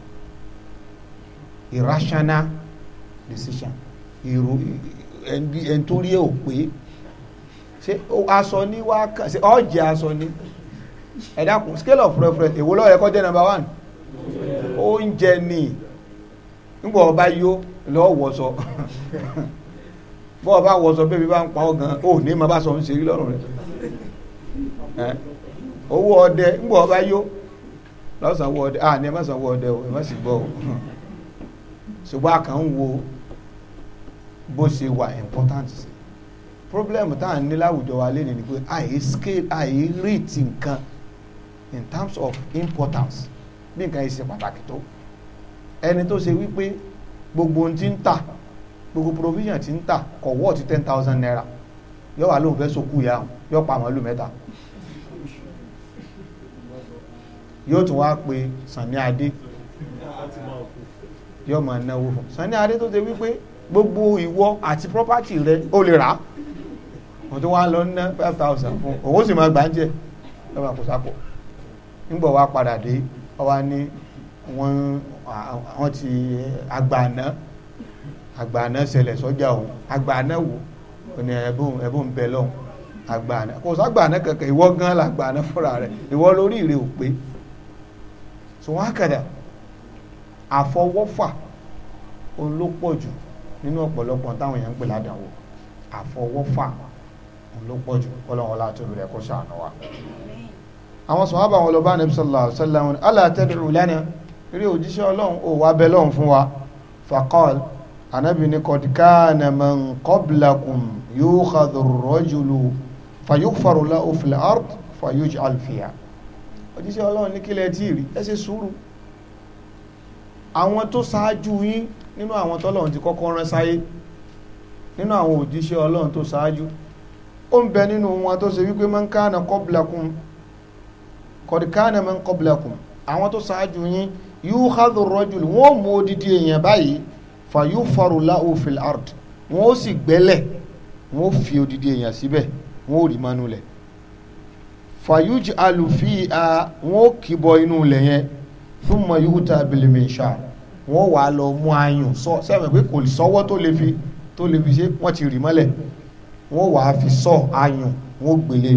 Speaker 1: irrational decision ìrù ẹni tó rí ẹ ò pé ṣé aṣọ ní wá ṣe aṣọ ẹ dákun scale of reference èwo lọ́ọ̀rẹ́ kọ́ jẹ́ number one oúnjẹ ni nígbà ọba yó lọ́ọ́ wọ̀ṣọ bọ́ọ̀ bá wọ̀ṣọ bẹ́ẹ̀ bá ń pa ọ́ gan ò ní ma bá sọ ń ṣe ọdẹ nígbà ọba yó lọ́sàn wọ ọdẹ ní ẹ má sàn ọdẹ o ẹ má ṣùgbọ́n a kàn ń wo bó ṣe wà important sí problem tá à ń ní láwùjọ wa lé ni pé àì scale àì rate nǹkan in terms of importance bí nǹkan yìí ṣe pàtàkì tó ẹni tó ṣe wípé gbogbo ohun tí ń tà gbogbo provision tí ń tà kọ̀ wọ́ọ̀ ti ten thousand naira yọ wà lóun fẹ́ sọkú ìyá àwọn yọ pa àwọn ìlú mẹ́ta yóò tún wá pe Sànní Adé yóò máa náwó fún Sani Adé tó ṣe wípé gbogbo ìwọ àti property rẹ ó lè rà á wọ́n tó wá lọ ná five thousand fún òun sì máa gbà ń jẹ lọ́wọ́ àkóṣàkó nígbà wa padà dé ọba ní wọ́n ti agbàná agbàná ṣẹlẹ̀ sọ́jà òun agbàná wò ó ní ẹ̀bùn ẹ̀bùn bẹ̀ lọ́hùn agbàná kò sàgbàná kankan ìwọ gan la gbàná fúnra rẹ̀ ìwọ lórí ìrè ò pé so wọ́n á kàdà àfọwọ́fà òun ló pọ̀ jù nínú ọ̀pọ̀lọpọ̀ táwọn èèyàn ń pè ládàáwò àfọwọ́fà òun ló pọ̀ jù kọ́lọ́wọ́n látòlù rẹ̀ kó ṣàánú wa. àwọn sọ̀hábà wọn lọ bá Ànábì sallallahu alaihi wasallam ala rí òjíṣẹ́ ọlọ́run ò wá bẹ lọ́run fún wa faqal anabi ni qad kana man qablakum yukhadhu ar-rajulu fayughfaru lahu fil ard fayuj'al àwọn tó ṣáájú yín nínú àwọn tọ́lọ́run ti kọ́kọ́ rán sáyé nínú àwọn òjíṣẹ́ ọlọ́run tó ṣáájú ó ń bẹ nínú wọn tó ṣe wípé man kana qablakum qad kana man qablakum àwọn tó ṣáájú yín yukhadhu rajul wọ́n mú odidi èèyàn báyìí fa yufaru lahu fil ard wọ́n ó sì gbẹ́lẹ̀ wọ́n ó fi odidi èèyàn síbẹ̀ wọ́n ó rí manú lẹ̀ fa yuj'alu fiha wọ́n ó kíbọ inú lẹ̀ fún mọ yóò ta abilimisa wọ́n wàá lọ mú ayùn sọ sẹ́mi pé kò sọ́wọ́ tó lè fi tó lè fi ṣe wọ́n ti rì mọ́lẹ̀ wọ́n wàá fi sọ ayùn wọ́n gbélé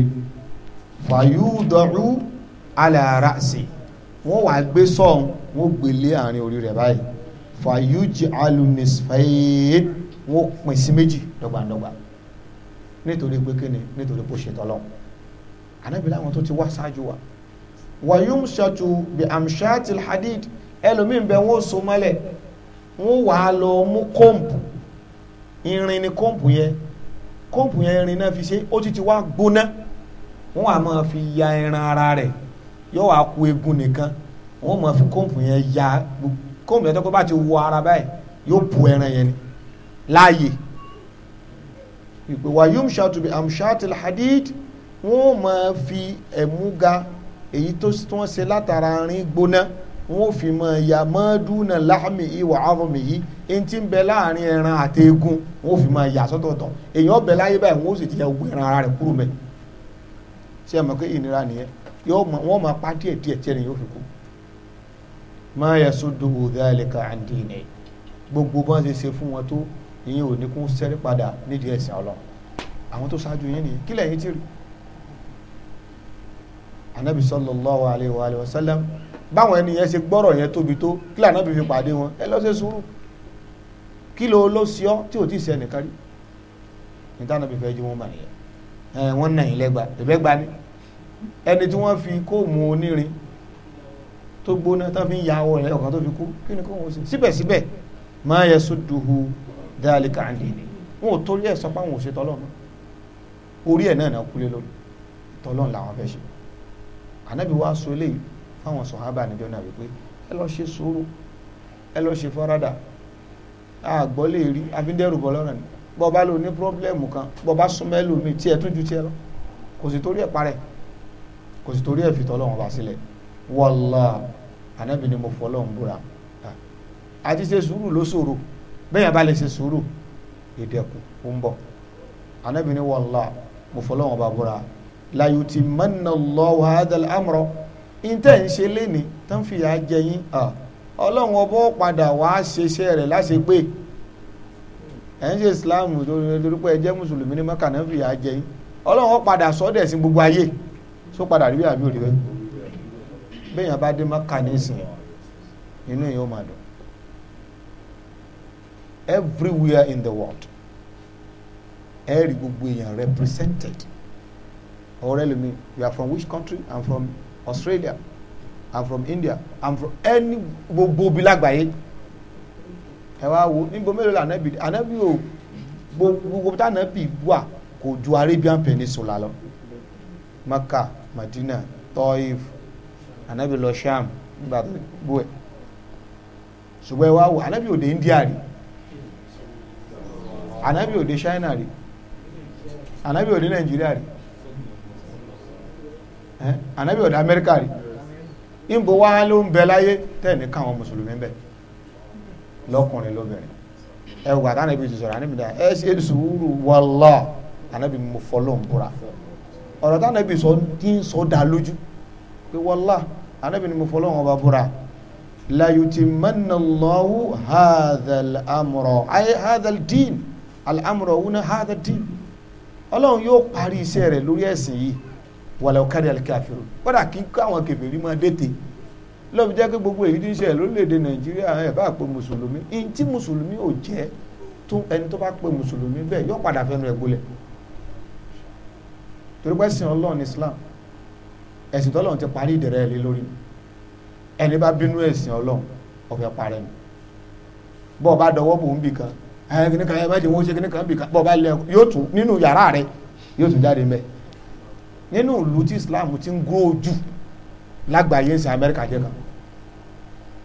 Speaker 1: fàyúdọ̀rú alárasì wọ́n wàá gbé sọ́ọ̀n wọ́n gbélé àárín orí rẹ̀ báyìí fàyújì alunisfẹ́yé wọ́n pín sí méjì dọ́gbandọ́gba nítorí pé kíni nítorí pé ó ṣe tọ́lọ́ ànábìlẹ̀ àwọn tó ti wá ṣáájú wa wàyúm ṣàtú bí amṣáàtì hadid ẹlòmíì bẹ wọn ò so mọ́lẹ̀ wọn wà á lọ mú kọ́ǹpù irin ni kọ́ǹpù yẹn kọ́ǹpù yẹn irin náà fi ṣe ó ti ti wá gbóná wọn á máa fi ya ẹran ara rẹ̀ yóò wá ku egun nìkan wọn máa fi kọ́ǹpù yẹn ya kọ́ǹpù yẹn tó kọ́ bá ti wọ ara báyìí yóò bu ẹran yẹn ni láàyè ìpè wàyúm ṣàtú bí amṣáàtì hadid wọn ò máa fi ẹ̀mú ga èyí tó wọ́n ṣe látara rin gbóná wọ́n fi mọ ìyá mọ́ọ́dúnà láàmì ìwà àrùnmì yìí ẹni tí ń bẹ láàrin ẹran àti eegun wọ́n fi mọ ìyá sọ́tọ̀ọ̀tọ̀ èèyàn bẹ láyé báyìí wọ́n sì ti yẹ gbogbo ẹran ara rẹ̀ kúrò mẹ́ ṣé ẹ mọ̀ pé ìnira nìyẹn yóò mọ wọ́n máa pa díẹ̀ díẹ̀ tí ẹni yóò fi kú. má yẹ sódò òdàlẹ́ka àǹdí ni gbogbo bá ṣe ṣe fún wọn tó ìyẹn ò ní kún sẹ́rí padà nídìí ẹ̀sìn ọlọ́run àwọn tó ṣáájú yín nìyẹn kílẹ̀ yín ti rí anabi sallallahu alayhi wa alayhi wa sallam báwọn ẹni yẹn ṣe gbọ́rọ̀ yẹn tóbi tó kí lànà bí fi pàdé wọn ẹ lọ ṣe sùúrù kí ló ló sí ọ tí ò tí ì sẹ́ni kárí ní táwọn bí fẹ́ jí wọn bà nìyẹn ẹ wọn nà yín lẹ́gba ẹ̀bẹ́ gba ni ẹni tí wọ́n fi kóòmù onírin tó gbóná tó fi ń ya ọwọ́ rẹ̀ ọ̀kan tó fi kú kí ni kóòmù sí síbẹ̀síbẹ̀ ma yasudduhu dhalika an dini wọn ò torí ẹ̀ ẹ̀ náà náà kúlé lórí tọ́lọ́run ànábì wa sọ eléyìí fáwọn sọ̀hábà níjọ́ náà wípé ẹ lọ ṣe sùúrù ẹ lọ ṣe fọ́rádà àgbọ́ lè rí abídẹ́rù bọ́ lọ́rùn ni bọ́ bá lò ní pírọ́blẹ́mù kan bọ́ bá súnmọ́ ẹlòmíì tí ẹ tún ju tiẹ lọ kò sì torí ẹ̀ parẹ́ kò sì torí ẹ̀ fi tọ́lọ́run bá sílẹ̀ wọ́lá ànábì ni mo fọlọ́run búra àti ṣe sùúrù ló ṣòro bẹ́ẹ̀ bá lè ṣe sùúrù ìdẹ̀kùn ń bọ̀ ànábì ni wọ́lá mo fọlọ́run bá búra la yutimanna Allahu hadha al-amra ìtẹ̀ ń ṣe léni tó ń fìyà jẹ yín ọlọ́run ọbọ̀ padà wá ṣeṣẹ́ rẹ̀ láṣepé ẹ̀ ń ṣe islam lórí pé ẹ jẹ́ mùsùlùmí ní mẹ́kà náà fìyà jẹ yín ọlọ́run padà sọ́dẹ̀ sí gbogbo ayé só padà rí àmì òrìfẹ́ bẹ́yàn bá dé mẹ́kà nísìn inú èèyàn máa dùn everywhere in the world ẹ rí gbogbo èèyàn represented ọ̀rẹ́ lomi you are from which country i'm from australia i'm from india i'm from any gbogbo bi lágbàáyé ẹ wá wo níbo mélòó la anabi anabi o gbogbo tá anabi wà kò ju arabian peninsula lọ maka madina toif anabi lọ sham nígbà tó gbó ẹ ṣùgbọ́n ẹ wá wo anabi òde india rí anabi òde china rí anabi òde nàìjíríà rí ànábì ọ̀dà amẹ́ríkà rí níbo wá ló ń bẹ láyé tẹ́ẹ̀ní káwọn mùsùlùmí ń bẹ lọ́kùnrin lóbìnrin ẹ wà tánàbí ti sọ̀rọ̀ ànábì dáa ẹ ṣe sùúrù wàlá ànábì mo fọlọ́ ń búra ọ̀rọ̀ tánàbì sọ tí ń sọ dá lójú pé wàlá ànábì ni mo fọlọ́ ń ọba búra la yutimanna Allahu hadhal amra ay hadhal din al amra wuna ọlọ́run yóò parí iṣẹ́ rẹ̀ lórí ẹ̀sìn yìí wàlẹ̀ ọ̀kadì àlìkàfẹ́rù kódà kí káwọn kèfèrí máa dètè lọ́bi jẹ́ pé gbogbo èyí tí ń ṣe lórílẹ̀‐èdè nàìjíríà ẹ̀ bá pé mùsùlùmí ẹni tí mùsùlùmí ò jẹ́ tó ẹni tó bá pé mùsùlùmí bẹ́ẹ̀ yóò padà fẹ́nu ẹ̀ gbolẹ̀ torí pé ẹ̀sìn ọlọ́run islam ẹ̀sìn tọ́lọ́run ti parí ìdẹ̀rẹ́ ẹ̀ lé lórí ẹni bá bínú ẹ̀sìn ọlọ́run ọ̀fẹ́ parẹ́ ni bọ́ ọ bá dọwọ́ bò ń bì kan ẹ̀ kìnnìkan ẹ̀ bá ti wọ́n ṣe kìnnìkan bì kan bọ́ ọ lẹ yóò tún nínú yàrá rẹ yóò tún jáde mẹ́ẹ̀ nínú ìlú tí islam ti ń gúrò jù lágbàáyé sí amẹ́ríkà jẹ́ kan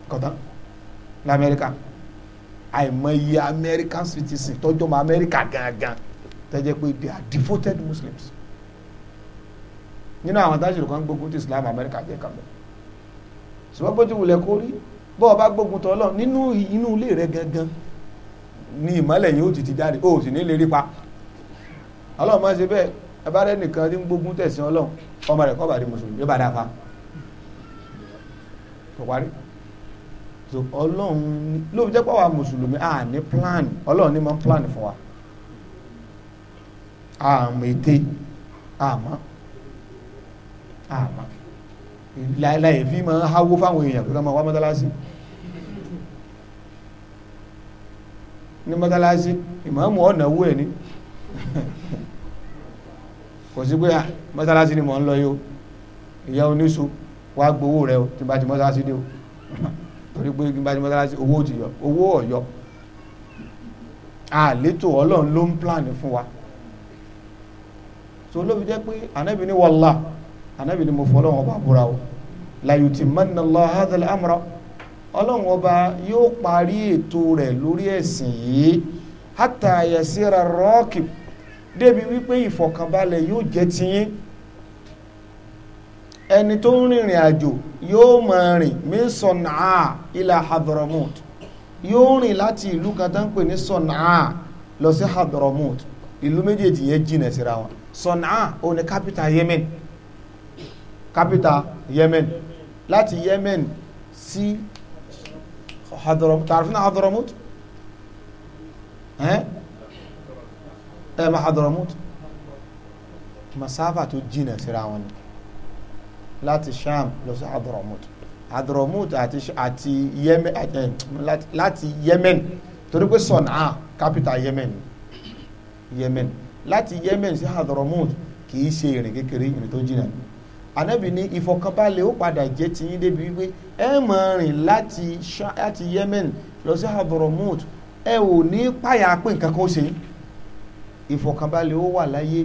Speaker 1: kọ̀tán lamẹ́ríkà àìmọye american citizen tọ́jọ́ mọ́ amẹ́ríkà gangan tẹ́jẹ́ pé they are devoted muslims nínú àwọn táṣìlì kan gbógun ti islam amẹ́ríkà jẹ́ kan bẹ́ẹ̀ ṣùgbọ́n bó ti wulẹ̀ kó rí bọ́ ọ bá gbógun tọ́ lọ nínú inú ilé rẹ gangan ni ìmọ̀lẹ̀ yìí ó ti ti jáde ó sì ní lè rí pa ọlọ́run máa ṣe bẹ́ẹ̀ abáre nìkan tí ń gbógun tẹ̀sìn ọlọ́run ọmọ rẹ̀ kọ́ba di mùsùlùmí yóò bá dáa fa kò parí so ọlọ́run lóbi jẹ́ pàwọ́ mùsùlùmí à ní plan ọlọ́run ni máa ń plan fún wa àmọ́ ète àmọ́ àmọ́ láìláì fi máa háwó fáwọn èèyàn pé ká máa wá mọ́tálásí ní mọ́tálásí ìmáàmù ọ̀nà owó ẹ̀ ní kò sí pé ah, mọ́sálásí ni mò ń lọ yìí o ìyá oníṣu wá gbowó rẹ o tí bá ti mọ́sálásí dé o torí pé tí bá ti mọ́sálásí owó ti yọ owó ọ̀yọ́ àlétò ọlọ́run ló ń pláàni fún wa so ló fi jẹ́ pé anábì ní wàllá anábì ní mo fọlọ́ wọn bá búra o làyùtì mọ́nàlá hadal amra ọlọ́run ọba yóò parí ètò rẹ̀ lórí ẹ̀sìn yìí hátà yasira rọ́ọ̀kì débi wípé ìfọ̀kànbalẹ̀ yóò jẹ́ tiyín ẹni tó ń rìnrìn àjò yóò máa rìn min Sọ̀nàá ila Hadramut yóò rìn láti ìlú kan tó ń pè ní Sọ̀nàá lọ sí Hadramut ìlú méjèèjì yẹn jìnà síra wọn Sọ̀nàá ó ní kápítà Yemen kápítà Yemen láti Yemen sí Hadramut tààràfin Hadramut Eh? ẹ máa Hadramut masáfà tó jìnà síra wọn ni láti Sham lọ sí Hadramut Hadramut àti àti Yemen láti Yemen torí pé Sọnà capital Yemen Yemen láti Yemen sí Hadramut kì í ṣe ìrìn kékeré ìrìn tó jìnà ni anabi ní ìfọkànbalẹ̀ ó padà jẹ́ tiyín débi wípé ẹ máa rìn láti Yemen lọ sí Hadramut ẹ ò ní páyà pé nǹkan kan ó ṣe yín ìfọ̀kànbalẹ̀ ó wà láyé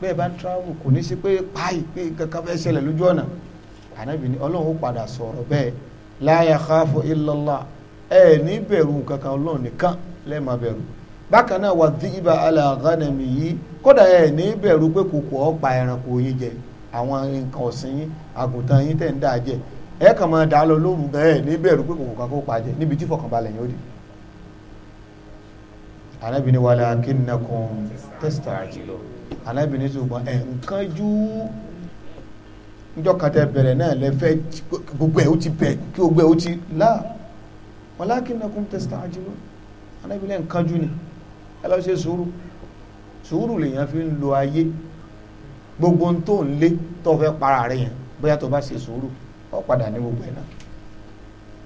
Speaker 1: bẹ́ẹ̀ bá ń travel kò ní sí pé páì pé kankan fẹ́ ṣẹlẹ̀ lójú ọ̀nà ànábì ni ọlọ́run ó padà sọ̀rọ̀ bẹ́ẹ̀ la yakhafu illallah ẹ ní bẹ̀rù kankan ọlọ́run nìkan lẹ́ẹ̀ bẹ̀rù bákan náà wà dhiba ala ghanami yìí kódà ẹ ní bẹ̀rù pé kòkò ọ̀pá ẹranko yín jẹ àwọn nǹkan ọ̀sìn yín àgùntàn yín tẹ̀ ń dà jẹ ẹ kàn máa dà lọ lóru gan ní bẹ̀rù pé kòkò kan pa jẹ níbi tí fọkànbalẹ̀ yín ó dì anábìíní wàlẹ̀ akínnakùn tẹ́sítà àjùlọ anábìíní ṣùgbọ́n ẹ̀ ń kánjú njọ́ kan tẹ bẹ̀rẹ̀ náà lẹ́fẹ́ gbogbo ẹ̀ ó ti bẹ̀ kí gbogbo ẹ̀ ó ti là wàlẹ̀ akínnakùn tẹ́sítà àjùlọ anábìíní ẹ̀ ń kánjú ni ẹ lọ ṣe sùúrù sùúrù lèèyàn fi ń lo ayé gbogbo ohun tó ń lé tó fẹ́ para rẹ̀ yẹn bóyá tó bá ṣe sùúrù ó padà ní gbogbo ẹ̀ náà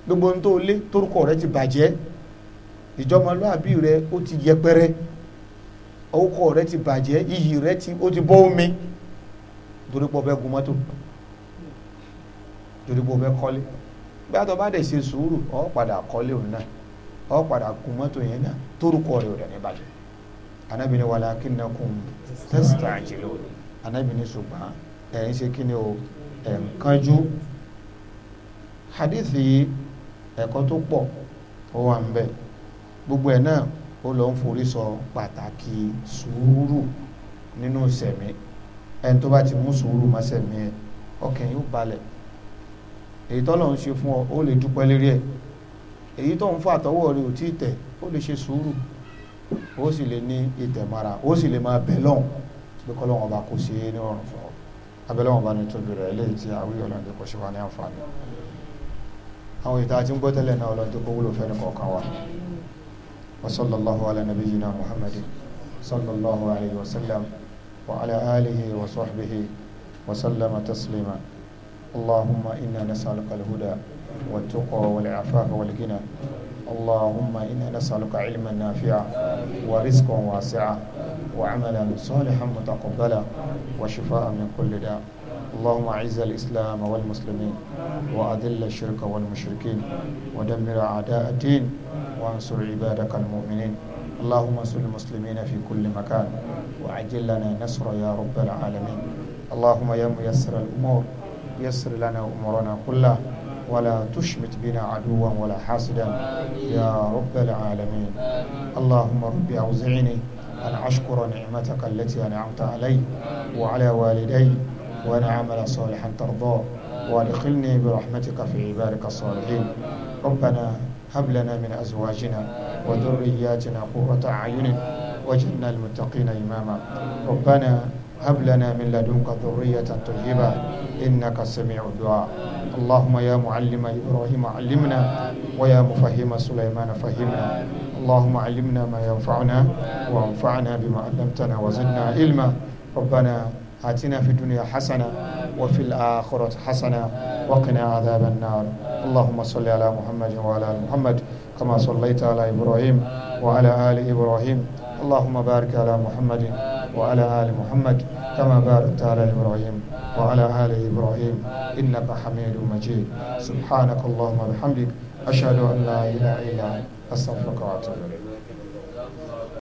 Speaker 1: gbogbo ohun tó lé torúkọ rẹ̀ ti bàjẹ́ ìjọmọlúàbí rẹ ó ti yẹpẹrẹ orúkọ rẹ ti bàjẹ́ iyì rẹ ti ó ti bọ́ omi torí pọ̀ bẹ́ẹ̀ gun mọ́tò torí pọ̀ bẹ́ẹ̀ kọ́lé bí a bá ṣe sùúrù padà òun náà ọ̀ padà gun yẹn náà torúkọ rẹ ò ní o ń kánjú yìí tó ó wà ń gbogbo ẹ̀ náà ó lọ ń forí sọ pàtàkì sùúrù nínú sẹ̀mí ẹni tó bá ti mú sùúrù mọ́ sẹ̀mí ẹ ọkàn yóò balẹ̀ èyí tọ́lọ̀ ń ṣe fún ọ ó lè dúpẹ́ lérí ẹ̀ èyí tó ń fún àtọwọ́ rẹ ò tí ì tẹ̀ ó lè ṣe sùúrù ó sì lè ní ìtẹ̀mára ó sì lè máa bẹ̀ lọ́hùn pé kọ́lọ́wọ́n ọba kò ṣe é ní ọ̀rùn fún ọ abẹ́lẹ́wọ̀n ọba ní tóbi rẹ̀ eléyìí tí àwọn èèyàn lọ́dún kò ṣe wá ní àǹfààní àwọn ìta àti ń gbọ́ tẹ́lẹ̀ náà lọ́dún kó wúlò fẹ́ni kọ̀ọ̀kan wa وصلى الله على نبينا محمد صلى الله عليه وسلم وعلى آله وصحبه وسلم تسليما اللهم إنا نسألك الهدى والتقى والعفاف والغنى اللهم إنا نسألك علما نافعا ورزقا واسعا وعملا صالحا متقبلا وشفاء من كل داء اللهم اعز الاسلام والمسلمين واذل الشرك والمشركين ودمر اعداء الدين وانصر عبادك المؤمنين اللهم انصر المسلمين في كل مكان وعجل لنا نصر يا رب العالمين اللهم يا ميسر الامور يسر لنا امورنا كلها ولا تشمت بنا عدوا ولا حاسدا يا رب العالمين اللهم رب أوزعني أن أشكر نعمتك التي أنعمت علي وعلى والدي وأن أعمل صالحا ترضاه وأدخلني برحمتك في عبادك الصالحين ربنا هب لنا من أزواجنا وذرياتنا قرة أعين وجنا المتقين إماما ربنا هب لنا من لدنك ذرية طيبة إنك سميع الدعاء اللهم يا معلم إبراهيم علمنا ويا مفهم سليمان فهمنا اللهم علمنا ما ينفعنا وانفعنا بما علمتنا وزدنا علما ربنا آتنا في الدنيا حسنة وفي الآخرة حسنة وقنا عذاب النار اللهم صل على محمد وعلى آل محمد كما صليت على إبراهيم وعلى آل إبراهيم اللهم بارك على محمد وعلى آل محمد كما باركت على إبراهيم وعلى آل إبراهيم إنك حميد مجيد سبحانك اللهم بحمدك أشهد أن لا إله إلا أنت أستغفرك وأتوب إليك